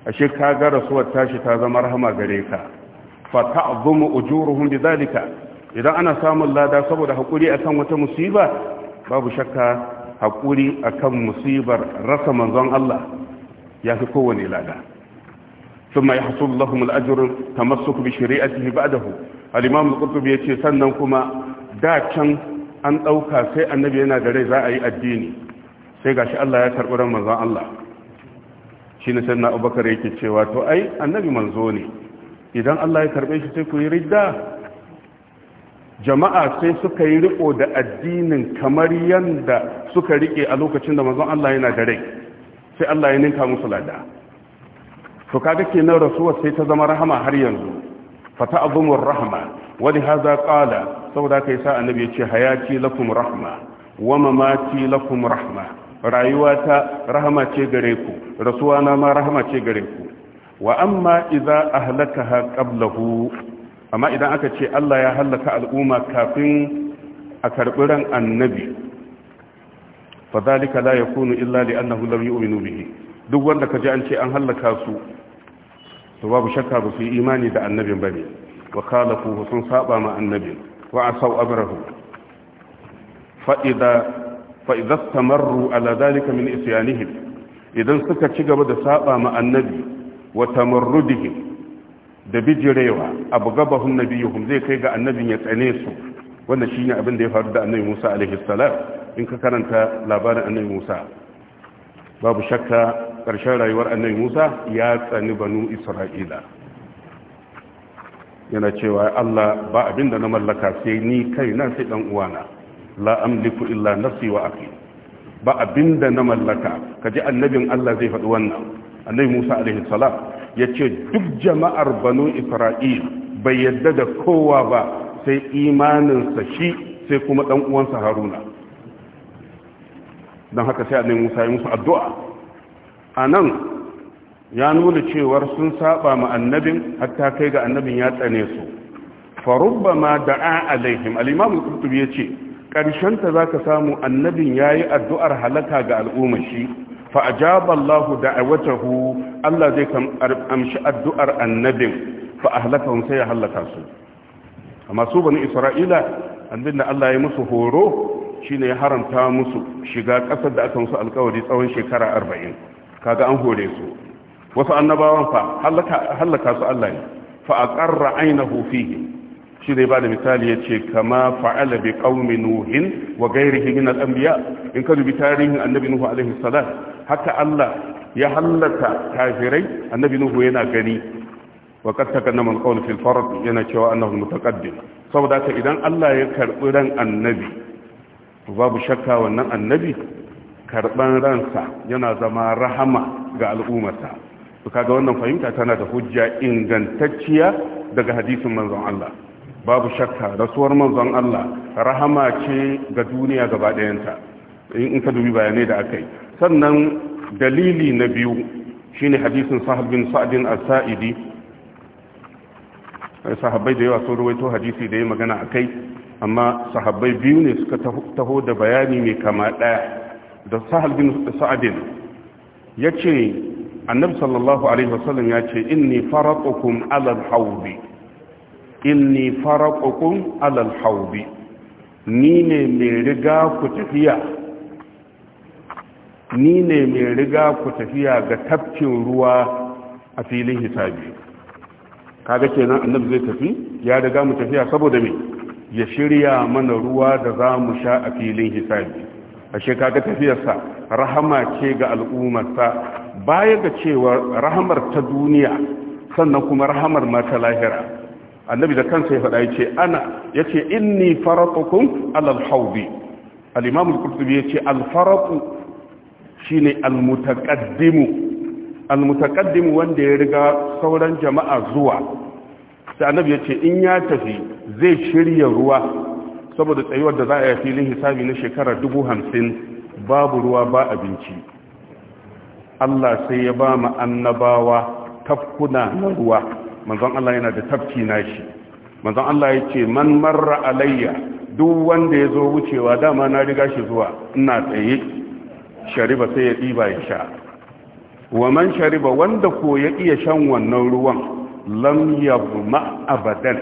S1: ashe ka ga rasuwar tashi ta zama rahama gare ka fa ta'zumu ujuruhum bidhalika idan ana samun lada saboda hakuri akan wata musiba babu shakka haƙuri akan musibar rasa manzon Allah ya fi kowane lada ثم يحصل لهم الأجر تمسك بشريعته alimamu الإمام ya ce sannan kuma da can an ɗauka sai annabi yana da rai za a yi addini sai gashi Allah ya karɓi ran manzon Allah shi ne sai abubakar yake cewa to ai annabi manzo ne idan Allah ya karɓe shi sai ku yi ridda jama'a sai suka yi riko da addinin kamar yanda suka rike a lokacin da manzon Allah yana da rai sai Allah ya ninka musu lada to kaga kenan rasuwa sai ta zama rahama har yanzu fata azumur rahma wani haza qala saboda yi sa annabi ya ce hayati lakum rahma wa mamati lakum rahma rayuwata rahama ce gare ku rasuwa na ma rahama ce gare ku wa amma idza ahlakaha qablahu amma idan aka ce Allah ya hallaka al'umma kafin a karɓi ran annabi fa zalika la yakunu illa li annahu lam yu'minu bihi duk wanda kaji an ce an hallaka su to babu shakka ba su yi imani da annabin bane wa khalafu sun saba ma annabin wa asaw abrahu fa idza fa idza tamarru ala zalika min isyanihim idan suka ci gaba da saba ma annabi wa tamarrudihim da bijirewa abu gabahun nabiyuhum zai kai ga annabin ya tsane su wannan ne abin da ya faru da annabi Musa alaihi salam in ka karanta labarin annabi Musa babu shakka ƙarshen rayuwar annabi Musa ya tsani banu Isra'ila yana cewa Allah ba abin da na mallaka sai ni kai na sai dan uwana la amliku illa nafsi wa akhi ba abin da na mallaka kaji annabin Allah zai faɗi wannan annabi Musa alaihi salam ya ce duk jama'ar banu isra'il bai yadda da kowa ba sai imaninsa shi sai kuma ɗan uwansa haruna don haka sai ne musa ya musu addu'a a nan ya nuna cewar sun saba ma annabin hatta kai ga annabin ya tsane su farubba ma da'a alaihim alimamun kurtubi ya ce ƙarshenta za ka samu annabin ya yi addu'ar halaka ga al'ummashi fa ajaba Allahu da'awatahu Allah zai amshi addu'ar annabin fa ahlakahum sai ya halaka su amma su bani Isra'ila annabin Allah ya musu horo shine ya haramta musu shiga kasar da aka musu alkawari tsawon shekara 40 kaga an hore su wasu annabawan fa halaka su Allah ne fa aqarra ainihu fihi shi zai ba da misali ya ce kama fa'ala bi ƙaumi nuhin wa gairihi min al'ambiya in ka dubi tarihin annabi nuhu alaihi haka Allah ya hallaka kafirai annabi nuhu yana gani wa qad takannama man qawl fil farq yana cewa annahu mutaqaddim saboda ka idan Allah ya karbi ran annabi babu shakka wannan annabi karban ransa yana zama rahama ga al'ummarsa to kaga wannan fahimta tana da hujja ingantacciya daga hadisin manzon Allah babu shakka rasuwar manzon Allah rahama ce ga duniya gaba ɗayanta in ka dubi bayanai da aka yi sannan dalili na biyu shine hadisin sahab bin sa'din as-sa'idi sahabbai da yawa sun ruwaito hadisi da ya magana a kai amma sahabbai biyu ne suka taho da bayani mai kama ɗaya da sahal bin sa'adin ya ce annabi sallallahu alaihi wasallam ya ce inni faraqukum alal haubi inni faraqukum alal haubi ni ne mai riga ku tafiya ni ne mai riga ku tafiya ga tafkin ruwa a filin hisabi kaga kenan annabi zai tafi ya riga mu tafiya saboda me ya shirya mana ruwa da za mu sha a filin hisabi ashe kaga tafiyarsa rahama ce ga al'ummarsa baya ga cewa rahamar ta duniya sannan kuma rahamar ma ta lahira annabi da kansa ya faɗa yace ana yace inni faratukum alal hawdi al-imam al-qurtubi yace al-faratu shine almutakaddimu almutakaddimu wanda ya riga sauran jama'a zuwa sai annabi ya ce in ya tafi zai shirya ruwa saboda tsayuwar da za a yi filin hisabi na shekara dubu babu ruwa ba abinci Allah sai ya ba mu annabawa tafkuna na ruwa manzon Allah yana da tafki nashi manzon Allah ya ce man marra alayya duk wanda ya zo wucewa dama na riga shi zuwa ina tsaye shariba sai ya ɗiba ya sha wa man shariba wanda ko ya iya shan wannan ruwan lam yabma abadan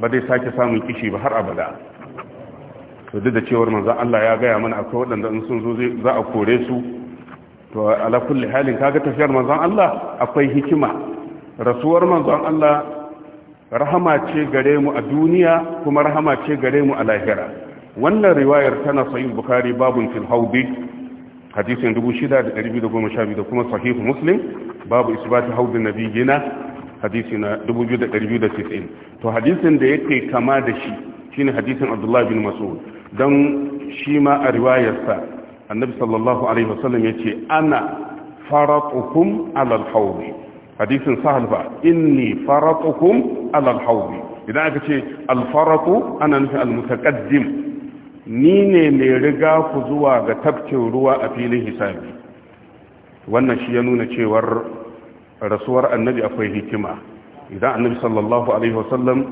S1: ba zai sake samun kishi ba har abada to duk da cewar manzo Allah ya gaya mana akwai waɗanda in sun zo za a kore su to ala kulli halin kaga tafiyar manzon Allah akwai hikima rasuwar manzon Allah rahama ce gare mu a duniya kuma rahama ce gare mu a lahira wannan riwayar tana sahih bukhari babun fil hawbi hadisin 6212 da kuma sahihu muslim babu isbatu haudin nabiyina hadisi na 2290 to hadisin da yake kama da shi shine hadisin Abdullah bin Mas'ud dan shi ma a riwayarsa annabi sallallahu alaihi wasallam yace ana faratukum ala al-hawd hadisin sahal ba inni faratukum ala al idan aka ce al ana nufin al-mutaqaddim ni ne mai riga ku zuwa ga tafkin ruwa a filin hisabi wannan shi ya nuna cewar rasuwar annabi akwai hikima idan annabi sallallahu alaihi wasallam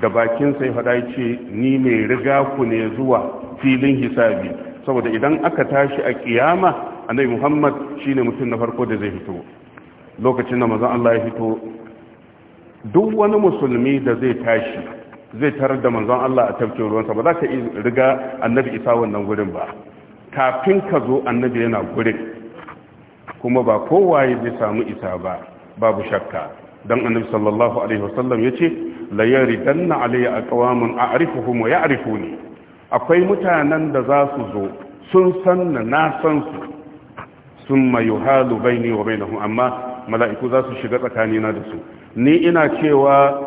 S1: da bakinsa ya faɗa ce ni mai riga ku ne zuwa filin hisabi saboda idan aka tashi a kiyama annabi muhammad shine mutum na farko da zai fito lokacin da manzon Allah ya fito duk wani musulmi da zai tashi zai tarar da manzon Allah a tafkin ruwansa ba za ka riga annabi isa wannan gurin ba kafin ka zo annabi yana gurin kuma ba kowaye zai samu isa ba babu shakka dan annabi sallallahu alaihi wasallam yace la yaridanna alayya kuma ya wa ne akwai mutanen da za su zo sun san na san su halu bai ne wa bainahum amma mala'iku za su shiga tsakanina da su ni ina cewa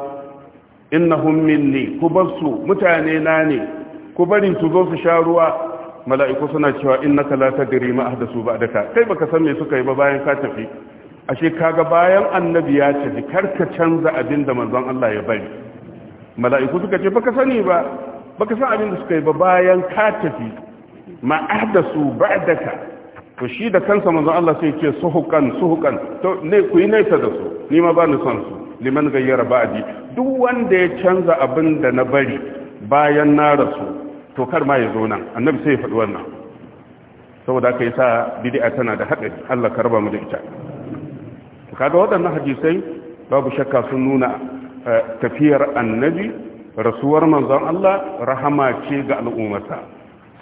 S1: innahum minni ku basu mutane na ne ku bari su zo su sha ruwa mala'iku suna cewa innaka la tadri ma ahdasu ba'daka kai baka san me suka yi ba bayan ka tafi ashe kaga bayan annabi ya tafi karka canza abin da manzon Allah ya bari mala'iku suka ce baka sani ba baka san abin da suka yi ba bayan ka tafi ma ahdasu ba'daka to shi da kansa manzon Allah sai ya ce suhukan suhukan to ne ku yi nesa da su ni ma ba ni son su liman gayyara ba'adi duk wanda ya canza abin da na bari bayan na rasu to kar ma ya zo nan annabi sai ya faɗi wannan saboda aka yi sa bid'a tana da haɗari Allah karba mu da ita kaga waɗannan hadisai babu shakka sun nuna eh, tafiyar annabi rasuwar manzon Allah rahama ce ga al'ummarsa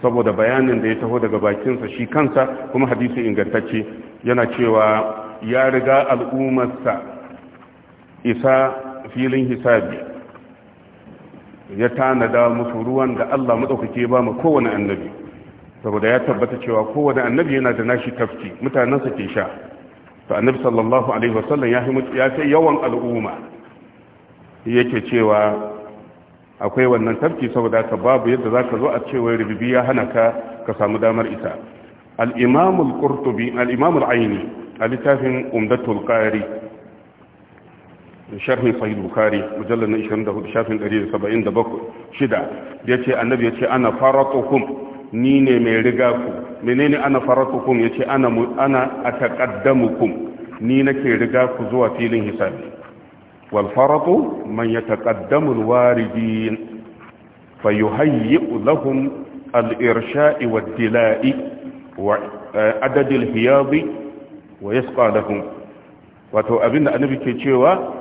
S1: saboda bayanin da ya taho daga bakinsa shi kansa kuma hadisi ingantacce yana cewa ya riga al'ummarsa isa filin hisabi ya tanada musu ruwan da Allah madaukake ba mu kowane annabi saboda ya tabbata cewa kowane annabi yana da nashi tafki mutanensa ke sha ta annabi sallallahu alaihi wasallam ya ya yawan al'umma yake cewa akwai wannan tafki saboda ka babu yadda ka zo a cewa rububi ya hana ka ka samu damar isa al-imam qurtubi al aini a littafin umdatul qari sharhin sahih bukhari mujallal 24 shafin 177 shida yace annabi yace ana faratukum ni ne mai riga ku menene ana faratukum yace ana ana ataqaddamukum ni nake riga ku zuwa filin hisabi wal faratu man yataqaddamu al waridin fayuhayyi lahum al dila'i wa wato abinda annabi ke cewa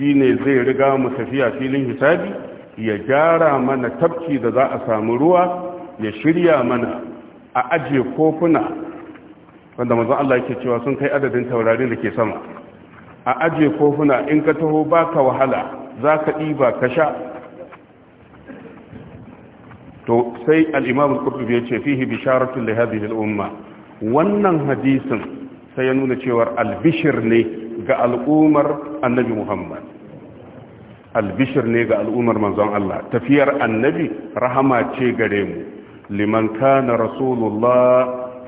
S1: ne zai riga mu tafiya filin hisabi ya gyara mana tafki da za a samu ruwa ya shirya mana a ajiye kofuna wanda mazan Allah yake cewa sun kai adadin taurarin da ke sama a ajiye kofuna in ka taho baka wahala za ka ɗiba ka sha to sai al'imam al'urtubi ya ce fihi bisharatun da hadhihi al'umma wannan hadisin sai ya nuna cewar albishir ne ga al'umar annabi muhammad albishir ne ga al'ummar manzon Allah tafiyar annabi rahama ce gare mu liman kana rasulullah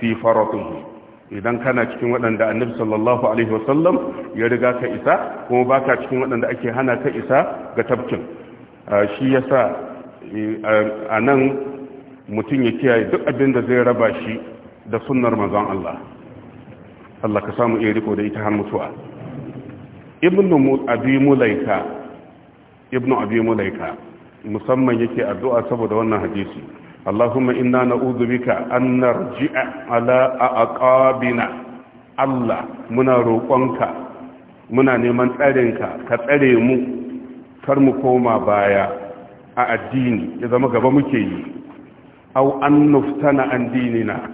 S1: fi faratuhu idan kana cikin waɗanda annabi sallallahu alaihi wasallam ya riga ka isa kuma baka cikin waɗanda ake hana ka isa ga tafkin shi yasa e, a nan mutum ya kiyaye duk abin da zai raba shi da sunnar manzon Allah Allah ka samu iya riko da ita har mutuwa ibnu abi mulaika ibnu abi mulaika musamman yake addu'a saboda wannan hadisi Allahumma inna na'udhu bika an narji'a ala aqabina Allah muna roƙonka muna neman tsarinka ka tsare mu kar mu koma baya a addini ya zama gaba muke yi au an nuftana an dinina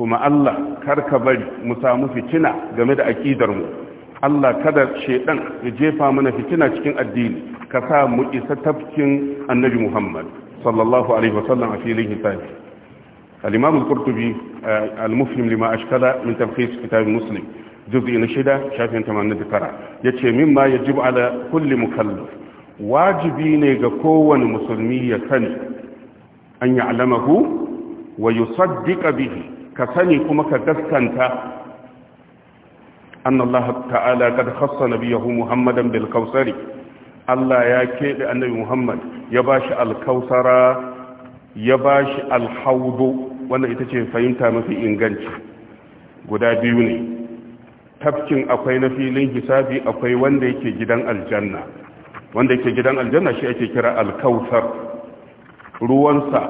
S1: kuma Allah kar ka bari mu samu fitina game da aqidar mu Allah kada shedan ya jefa mana fitina cikin addini ka sa mu isa tafkin annabi Muhammad sallallahu alaihi wasallam a filin hisabi al-imam al-qurtubi eh, al-mufhim lima ashkala min tafkhis kitab muslim juz'i na shida shafin da 89 yace mimma yajibu ala kulli mukallaf wajibi ne ga kowane musulmi ya sani an ya'lamahu wa yusaddiqa bihi ka sani kuma ka gaskanta أن الله تعالى قد خص نبيه محمدا بالكوثر الله يا كيد النبي محمد يباش الكوثر يباش الحوض وانا itace fahimta mafi inganci guda biyu ne tafkin akwai na filin hisabi akwai wanda yake gidan aljanna wanda yake gidan aljanna shi ake kira alkausar. ruwansa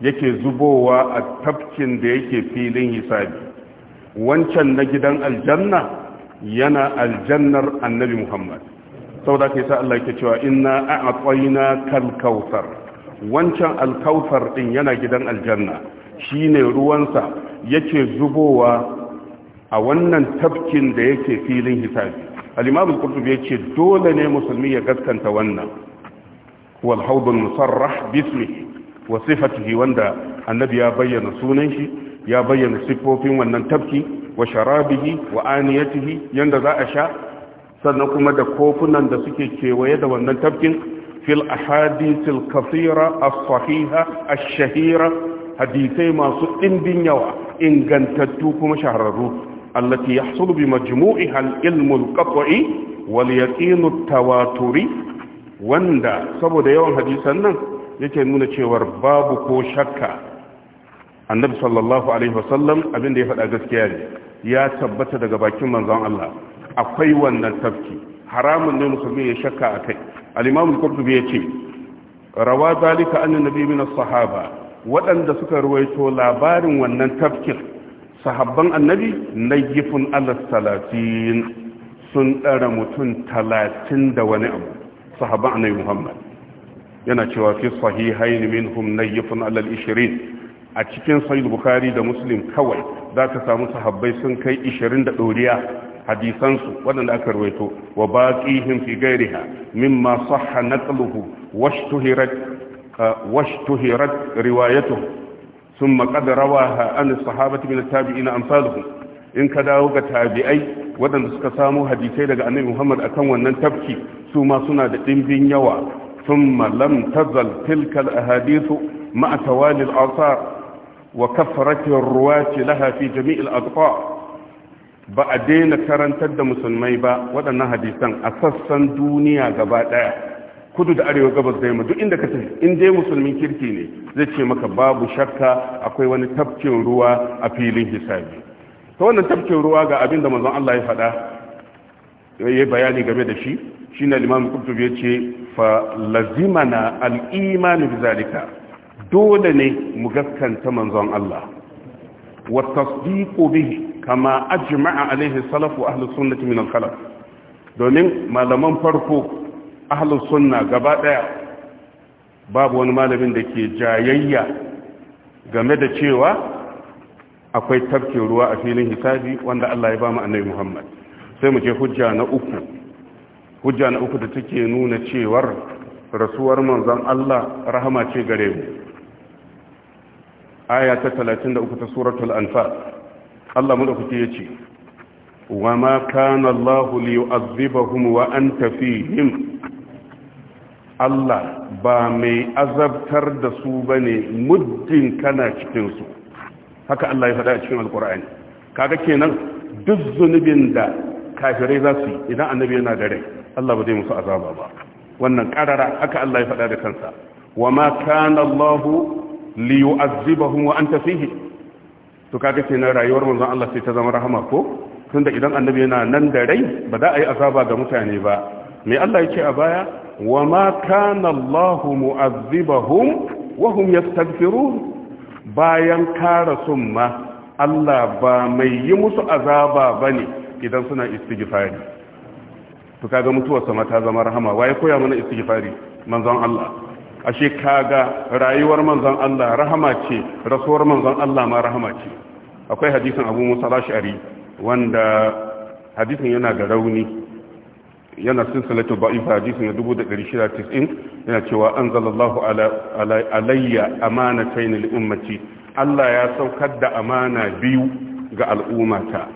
S1: yake zubowa a tafkin da yake filin hisabi wancan na gidan aljanna yana aljannar annabi muhammad sau da ke sa Allah ke cewa ina kwaina kal kalkautar wancan alkautar din yana gidan aljanna shi ne ruwansa yake zubowa a wannan tafkin da yake filin hisabi al kurtub ya ce dole ne musulmi ya gaskanta wannan walhaudun musarrah bismi wa sifatihi wanda annabi ya bayyana sunan shi ya bayyana siffofin wannan tafki wa sharabihi wa aniyatihi yanda za a sha sannan kuma da kofunan da suke kewaye da wannan tafkin fil ahadithil kathira as-sahiha ash-shahira hadisai masu ɗimbin yawa ingantattu kuma shahararru allati yahsulu bi majmu'iha al-ilm al-qat'i wal yaqin at-tawaturi wanda saboda yawan hadisan nan yake nuna cewar babu ko shakka annabi sallallahu alaihi wasallam abin da ya faɗa gaskiya ne ya tabbata daga bakin manzon Allah akwai wannan tafki haramun ne musulmi ya shakka akai al-imam al-qurtubi ya ce rawa zalika anna nabi min as-sahaba waɗanda suka ruwaito labarin wannan tafkin sahabban annabi nayyifun ala salatin sun ɗara mutum talatin da wani abu sahabban annabi muhammad yana cewa fi sahihain minhum nayyifun ala al-ishirin a cikin sahih bukhari da muslim kawai za ka samu sahabbai sun kai 20 da doriya hadisansu waɗanda aka rawaito wa baqihim fi ghairiha mimma sahha naqluhu washtuhirat washtuhirat riwayatuhu thumma qad rawaha an sahabati min at-tabi'in amsaluhum in ka dawo ga tabi'ai waɗanda suka samu hadisai daga annabi Muhammad akan wannan tafki su ma suna da dimbin yawa thumma lam tazal tilka al-ahadithu ma'a tawali al-athar wa الرواة لها laha fi jami'il بعدين ba a daina karantar da musulmai ba waɗannan hadisan a sassan duniya gaba kudu da arewa gabas da yamma duk inda ka tafi in dai musulmin kirki ne zai ce maka babu shakka akwai wani tafkin ruwa a filin hisabi to wannan tafkin ruwa ga abin da manzon Allah ya faɗa ya bayani game da shi shi al-Imam Qurtubi ya ce fa lazimana al-iman bi zalika dole ne mu gaskanta manzon Allah wa tasdiqu bihi kama ajma'a alaihi salafu ahli sunnati min al-khalaf domin malaman farko ahli sunna gaba daya babu wani malamin da ke jayayya game da cewa akwai tafkin ruwa a filin hisabi wanda Allah ya ba mu annabi Muhammad sai mu je hujja na uku hujja na uku da take nuna cewar rasuwar manzon Allah rahama ce gare mu aya ta talatin da uku ta suratul anfal Allah madaukake yace wa ma kana Allah liyu'adhibahum wa anta fihim Allah ba mai azabtar da su bane muddin kana cikin su haka Allah ya faɗa a cikin alkur'ani kaga kenan duk zunubin da kafirai za su yi idan annabi yana da rai Allah ba zai musu azaba ba wannan karara haka Allah ya faɗa da kansa wa ma kana li yu'azzibahum wa anta fihi to kaga kenan rayuwar manzon Allah sai ta zama rahama ko tunda idan annabi yana nan da rai ba za a yi azaba ga mutane ba me Allah yake a baya wa ma kana Allah mu'azzibahum wa hum yastaghfirun bayan kara summa Allah ba mai yi musu azaba bane idan suna istighfari to kaga mutuwar sama ta zama rahama waye koya mana istighfari manzon Allah ashe kaga rayuwar manzon Allah rahama ce rasuwar manzon Allah ma rahama ce akwai hadisin Abu Musa al-Ash'ari wanda hadisin yana ga rauni yana silsilatu ba'ifa hadisin ya 1690 yana cewa anzalallahu ala alayya amanatayn lil ummati Allah ya saukar da amana biyu ga al'ummata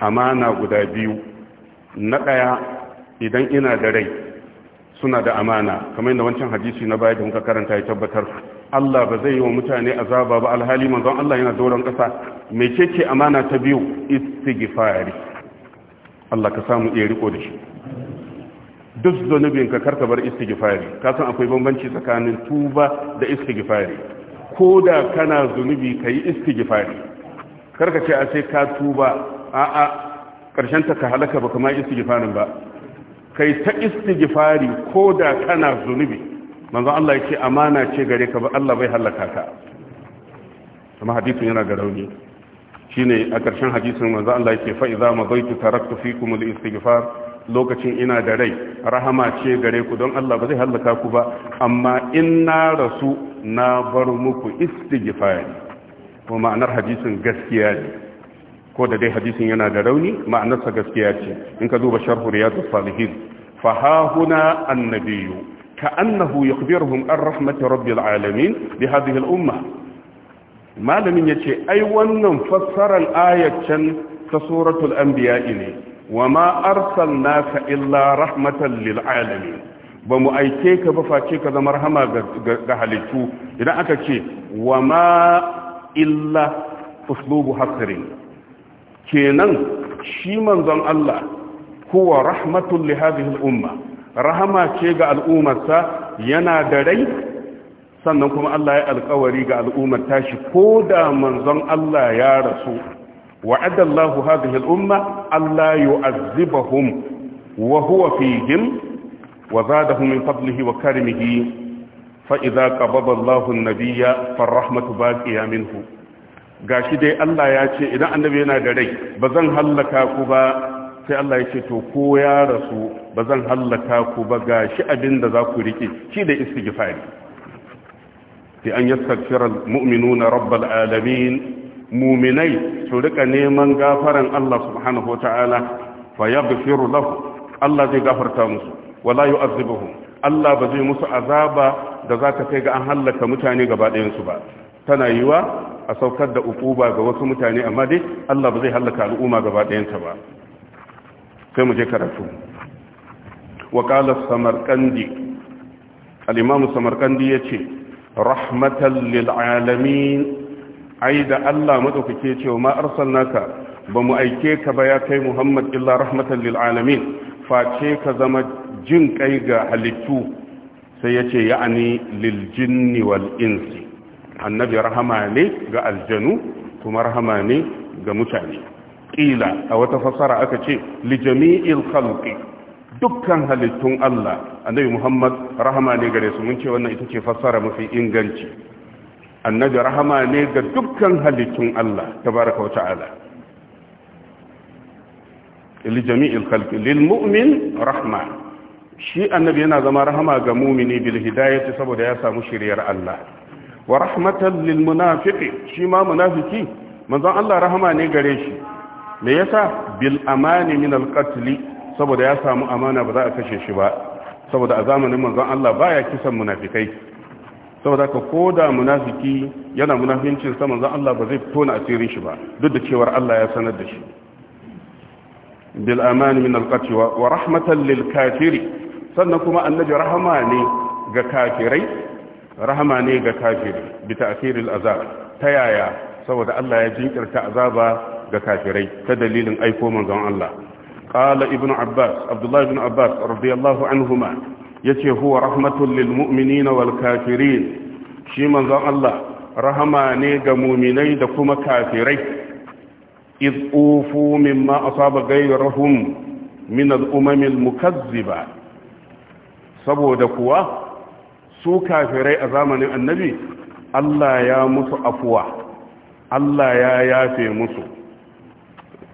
S1: amana guda biyu na daya idan ina da rai suna da amana kamar yadda wancan hadisi na baya da muka karanta ya tabbatar Allah ba zai yi wa mutane azaba ba alhali manzon Allah yana doron kasa mecece amana ta biyu istighfari Allah ka samu iya riko da shi duk zanubin ka karka bar istighfari ka san akwai bambanci tsakanin tuba da istighfari ko da kana zunubi yi istighfari karka ce a sai ka tuba a'a karshen ta ka halaka ba kuma istighfarin ba kai ta istighfari ko da kana zunubi manzo Allah yake amana ce gare ka ba Allah bai halaka ka kuma hadisin yana ga rauni shine a ƙarshen hadisin manzo Allah yake fa idza madaitu taraktu fikum al-istighfar lokacin ina da rai rahama ce gare ku don Allah ba zai halaka ku ba amma in na rasu na bar muku istighfari kuma ma'anar hadisin gaskiya ne ko da dai hadisin yana da rauni ma'anarsa gaskiya ce in ka duba sharhu riyadus salihin fa ha huna annabiyu. ka annahu yukhbiruhum an rahmati rabbil alamin bi hadhihi al umma malamin yace ai wannan fassarar ayatan ta suratul anbiya ne wa ma arsalnaka illa rahmatan lil alamin ba mu aike ka ba face ka zama rahama ga halittu idan aka ce wa ma illa uslubu hasrin kenan shi manzon Allah kuwa rahmatul li hadhihi umma rahama ce ga al'ummarsa yana da rai sannan kuma Allah ya alƙawari ga al'ummar tashi ko da manzon Allah ya rasu wa'adallahu hadhihi al-umma Allah yu'azzibahum wa huwa fihim wa zadahum min fadlihi wa karimihi fa idza qabada Allahu an-nabiyya fa rahmatu baqiya minhu Ga shi dai Allah ya ce idan annabi yana da rai ba zan hallaka ku ba sai Allah ya ce to ko ya rasu ba zan hallaka ku ba gashi abin da za ku rike shi da istighfari fi an yastaghfira almu'minuna rabbal alamin mu'minai su rika neman gafaran Allah subhanahu wataala fa yaghfiru lahu Allah zai gafarta musu wala yu'adhibuhum Allah ba zai musu azaba da zaka ta kai ga an hallaka mutane gaba ɗayansu ba tana yiwa a saukar da ukuba ga wasu mutane amma dai Allah ba zai halaka al'umma gaba ɗayanta ba sai mu je karatu wa qala samarqandi al-imam samarqandi yace rahmatan lil'alami ai da Allah madaukake cewa ma naka ba mu aike ka ba ya kai Muhammad illa rahmatan lil'alami face ka zama jin kai ga halittu sai yace ya'ani lil insi annabi rahama ne ga aljanu kuma rahama ne ga mutane ƙila a wata fasara aka ce lijami'il khalqi dukkan halittun Allah annabi Muhammad rahama ne gare su mun ce wannan ita ce fasara mafi inganci annabi rahama ne ga dukkan halittun Allah tabaraka wa lijami'il khalqi lil mu'min rahma shi annabi yana zama rahama ga mumini bil hidayati saboda ya samu shiriyar Allah wa rahmatan lil munafiqi shi ma munafiki manzon Allah rahama ne gare shi me yasa bil amani min al qatl saboda ya samu amana ba za a kashe shi ba saboda a zamanin manzon Allah baya kisan munafikai saboda ka koda munafiki yana munafincin sa manzon Allah ba zai tona asirin shi ba duk da cewar Allah ya sanar da shi bil amani min al qatl wa rahmatan lil kafiri sannan kuma annabi rahama ne ga kafirai rahama ne ga kafiri bi ta'siril azab ta yaya saboda Allah ya jinkirta azaba ga kafirai ta dalilin aiko manzon Allah qala ibnu abbas abdullah ibn abbas radiyallahu anhuma yace huwa rahmatul lil mu'minina wal kafirin shi manzon Allah rahama ne ga muminai da kuma kafirai iz ufu mimma asaba gairahum min al-umamil mukazziba saboda kuwa su kafirai a zamanin annabi Allah ya musu afuwa Allah ya yafe musu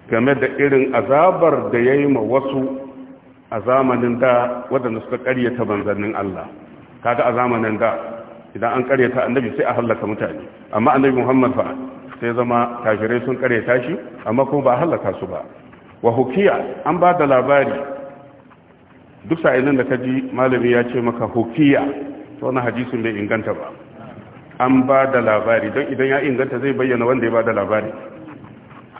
S1: game da irin azabar da ya yi ma wasu a zamanin da waɗanda suka ƙaryata banzannin Allah kaga a zamanin da idan an ƙaryata annabi sai a hallaka mutane amma annabi Muhammad fa sai zama kafirai sun ƙaryata shi amma kuma ba hallaka su ba wa hukiya an ba da labari duk sa'ilin da ka ji malami ya ce maka hukiya wannan hadisin bai inganta ba an ba da labari don idan ya inganta zai bayyana wanda ya ba da labari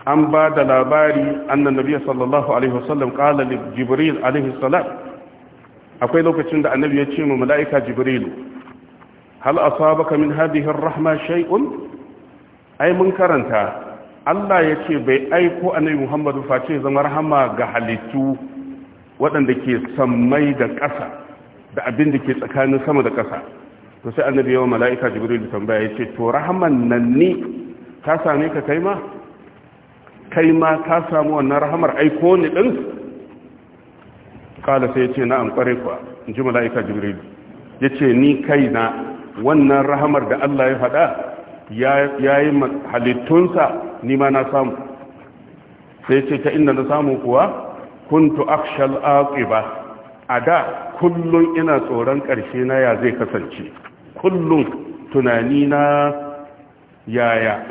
S1: an ba da labari annan nabiya sallallahu alaihi wasallam kala jibril alaihi salam akwai lokacin da annabi ya ce mu mala'ika jibrilu hal asabaka min hadhihi rahma shay'un ai mun karanta Allah ya ce bai aiko annabi Muhammadu face zama rahama ga halittu waɗanda ke sammai da ƙasa da abin da ke tsakanin sama da ƙasa to sai annabi yawan mala'ika jibril tambaya ya ce to rahaman nan ni ka same ka kai ma kai ma ka samu wannan rahamar aiko ni din kala sai ya ce na'am kware kuwa in ji mala'ika jibril ya ce ni kai na wannan rahamar da Allah ya faɗa ya yi halittunsa ni ma na samu sai ce ta inda na samu kuwa kuntu akshal aqiba a da kullum ina tsoron ƙarshe na ya zai kasance kullum tunani na yaya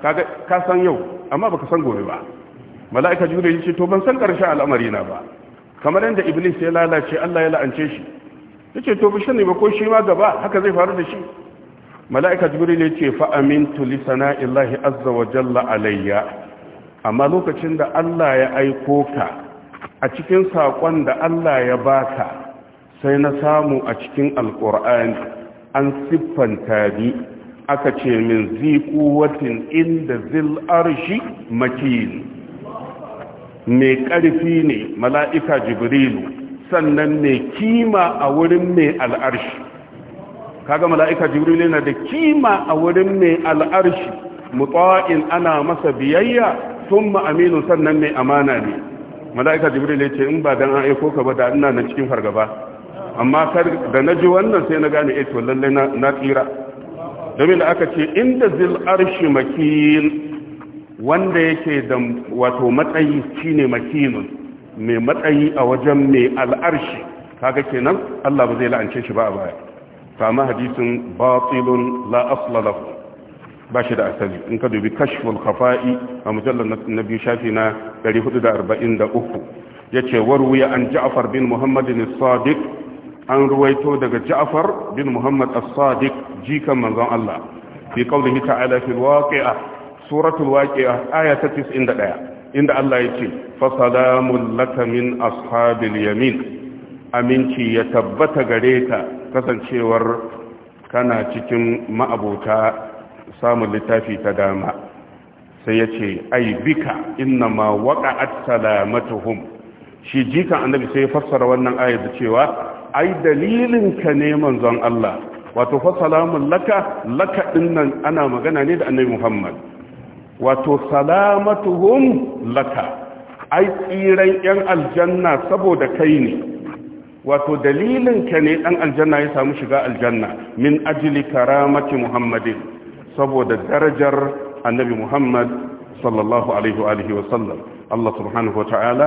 S1: ta ka san yau amma baka san gobe ba mala'ika jibril ce to ban san ƙarshen al'amari na ba kamar yadda iblis ya lalace Allah ya la'ance shi yace to bishin ne ba ko shi ma gaba haka zai faru da shi mala'ika jibril yace fa amintu li sana'illahi azza wa jalla alayya amma lokacin da Allah ya aiko ka a cikin saƙon da Allah ya baka sai na samu a cikin alƙur'ani an siffanta ni aka ce min ziku watin inda zil arshi makin mai ƙarfi ne mala'ika jibrilu sannan mai kima a wurin mai al'arshi kaga mala'ika jibrilu yana da kima a wurin mai al'arshi mutsa'in ana masa biyayya tun Aminu sannan mai amana ne mala'ika jibril ya ce in ba dan an aiko ka ba da ina nan cikin fargaba amma kar da ji wannan sai na gane eto eh, to lalle na na tsira domin da aka ce inda zil arshi makin wanda yake da wato matsayi shine makinun mai matsayi a wajen mai al'arshi kaga kenan Allah ba zai la'ance shi ba a baya sami hadisin batilun la asla ba shi da asali in ka dubi kashful khafa'i a mujallar na biyu shafi na 443 ce warwiya an ja'far bin muhammad sadiq an ruwaito daga ja'far bin muhammad as-sadiq jikan manzon Allah fi qawlihi ta'ala fil waqi'a suratul waqi'a aya ta 91 inda Allah ce fa salamun laka min ashabil yamin aminci ya tabbata gare ka kasancewar kana cikin ma'abota samun littafi ta dama sai ya ce ai bika inna ma waƙa'at salamatuhum shi jikan annabi sai ya fassara wannan ayar da cewa ai dalilin ka ne Allah wato fa salamun laka laka dinnan ana magana ne da annabi Muhammad wato salamatuhum laka ai tsiran yan aljanna saboda kai ne wato dalilinka ne dan aljanna ya samu shiga aljanna min ajili karamati muhammadin saboda darajar annabi muhammad sallallahu alaihi wa sallam Allah subhanahu wa ta'ala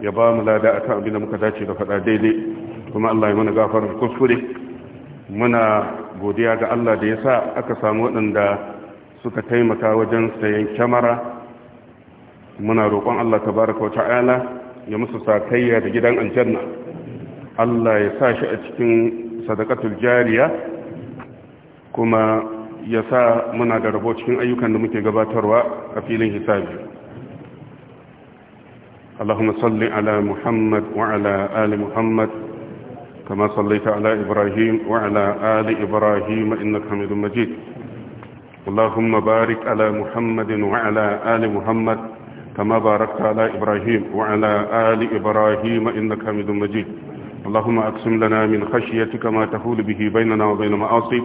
S1: ya ba mu lada akan abin da muka dace da faɗa daidai kuma Allah ya mana gafarar kuskure muna godiya ga Allah da ya sa aka samu waɗanda suka taimaka wajen sayan kyamara muna roƙon Allah tabaraka wa ta'ala ya musu sakayya da gidan aljanna Allah ya sa shi a cikin sadakatul jariya kuma yasa muna da rabo cikin ayyukan da muke gabatarwa a filin hisabi Allahumma salli ala Muhammad wa ala ali Muhammad kama sallaita ala Ibrahim wa ali Ibrahim innaka Hamidum Majid Allahumma barik ala Muhammad wa ali Muhammad kama barakta ala Ibrahim wa ali Ibrahim innaka Hamidum Majid اللهم أكسم لنا من خشيتك ما تهول به بيننا وبين معاصيك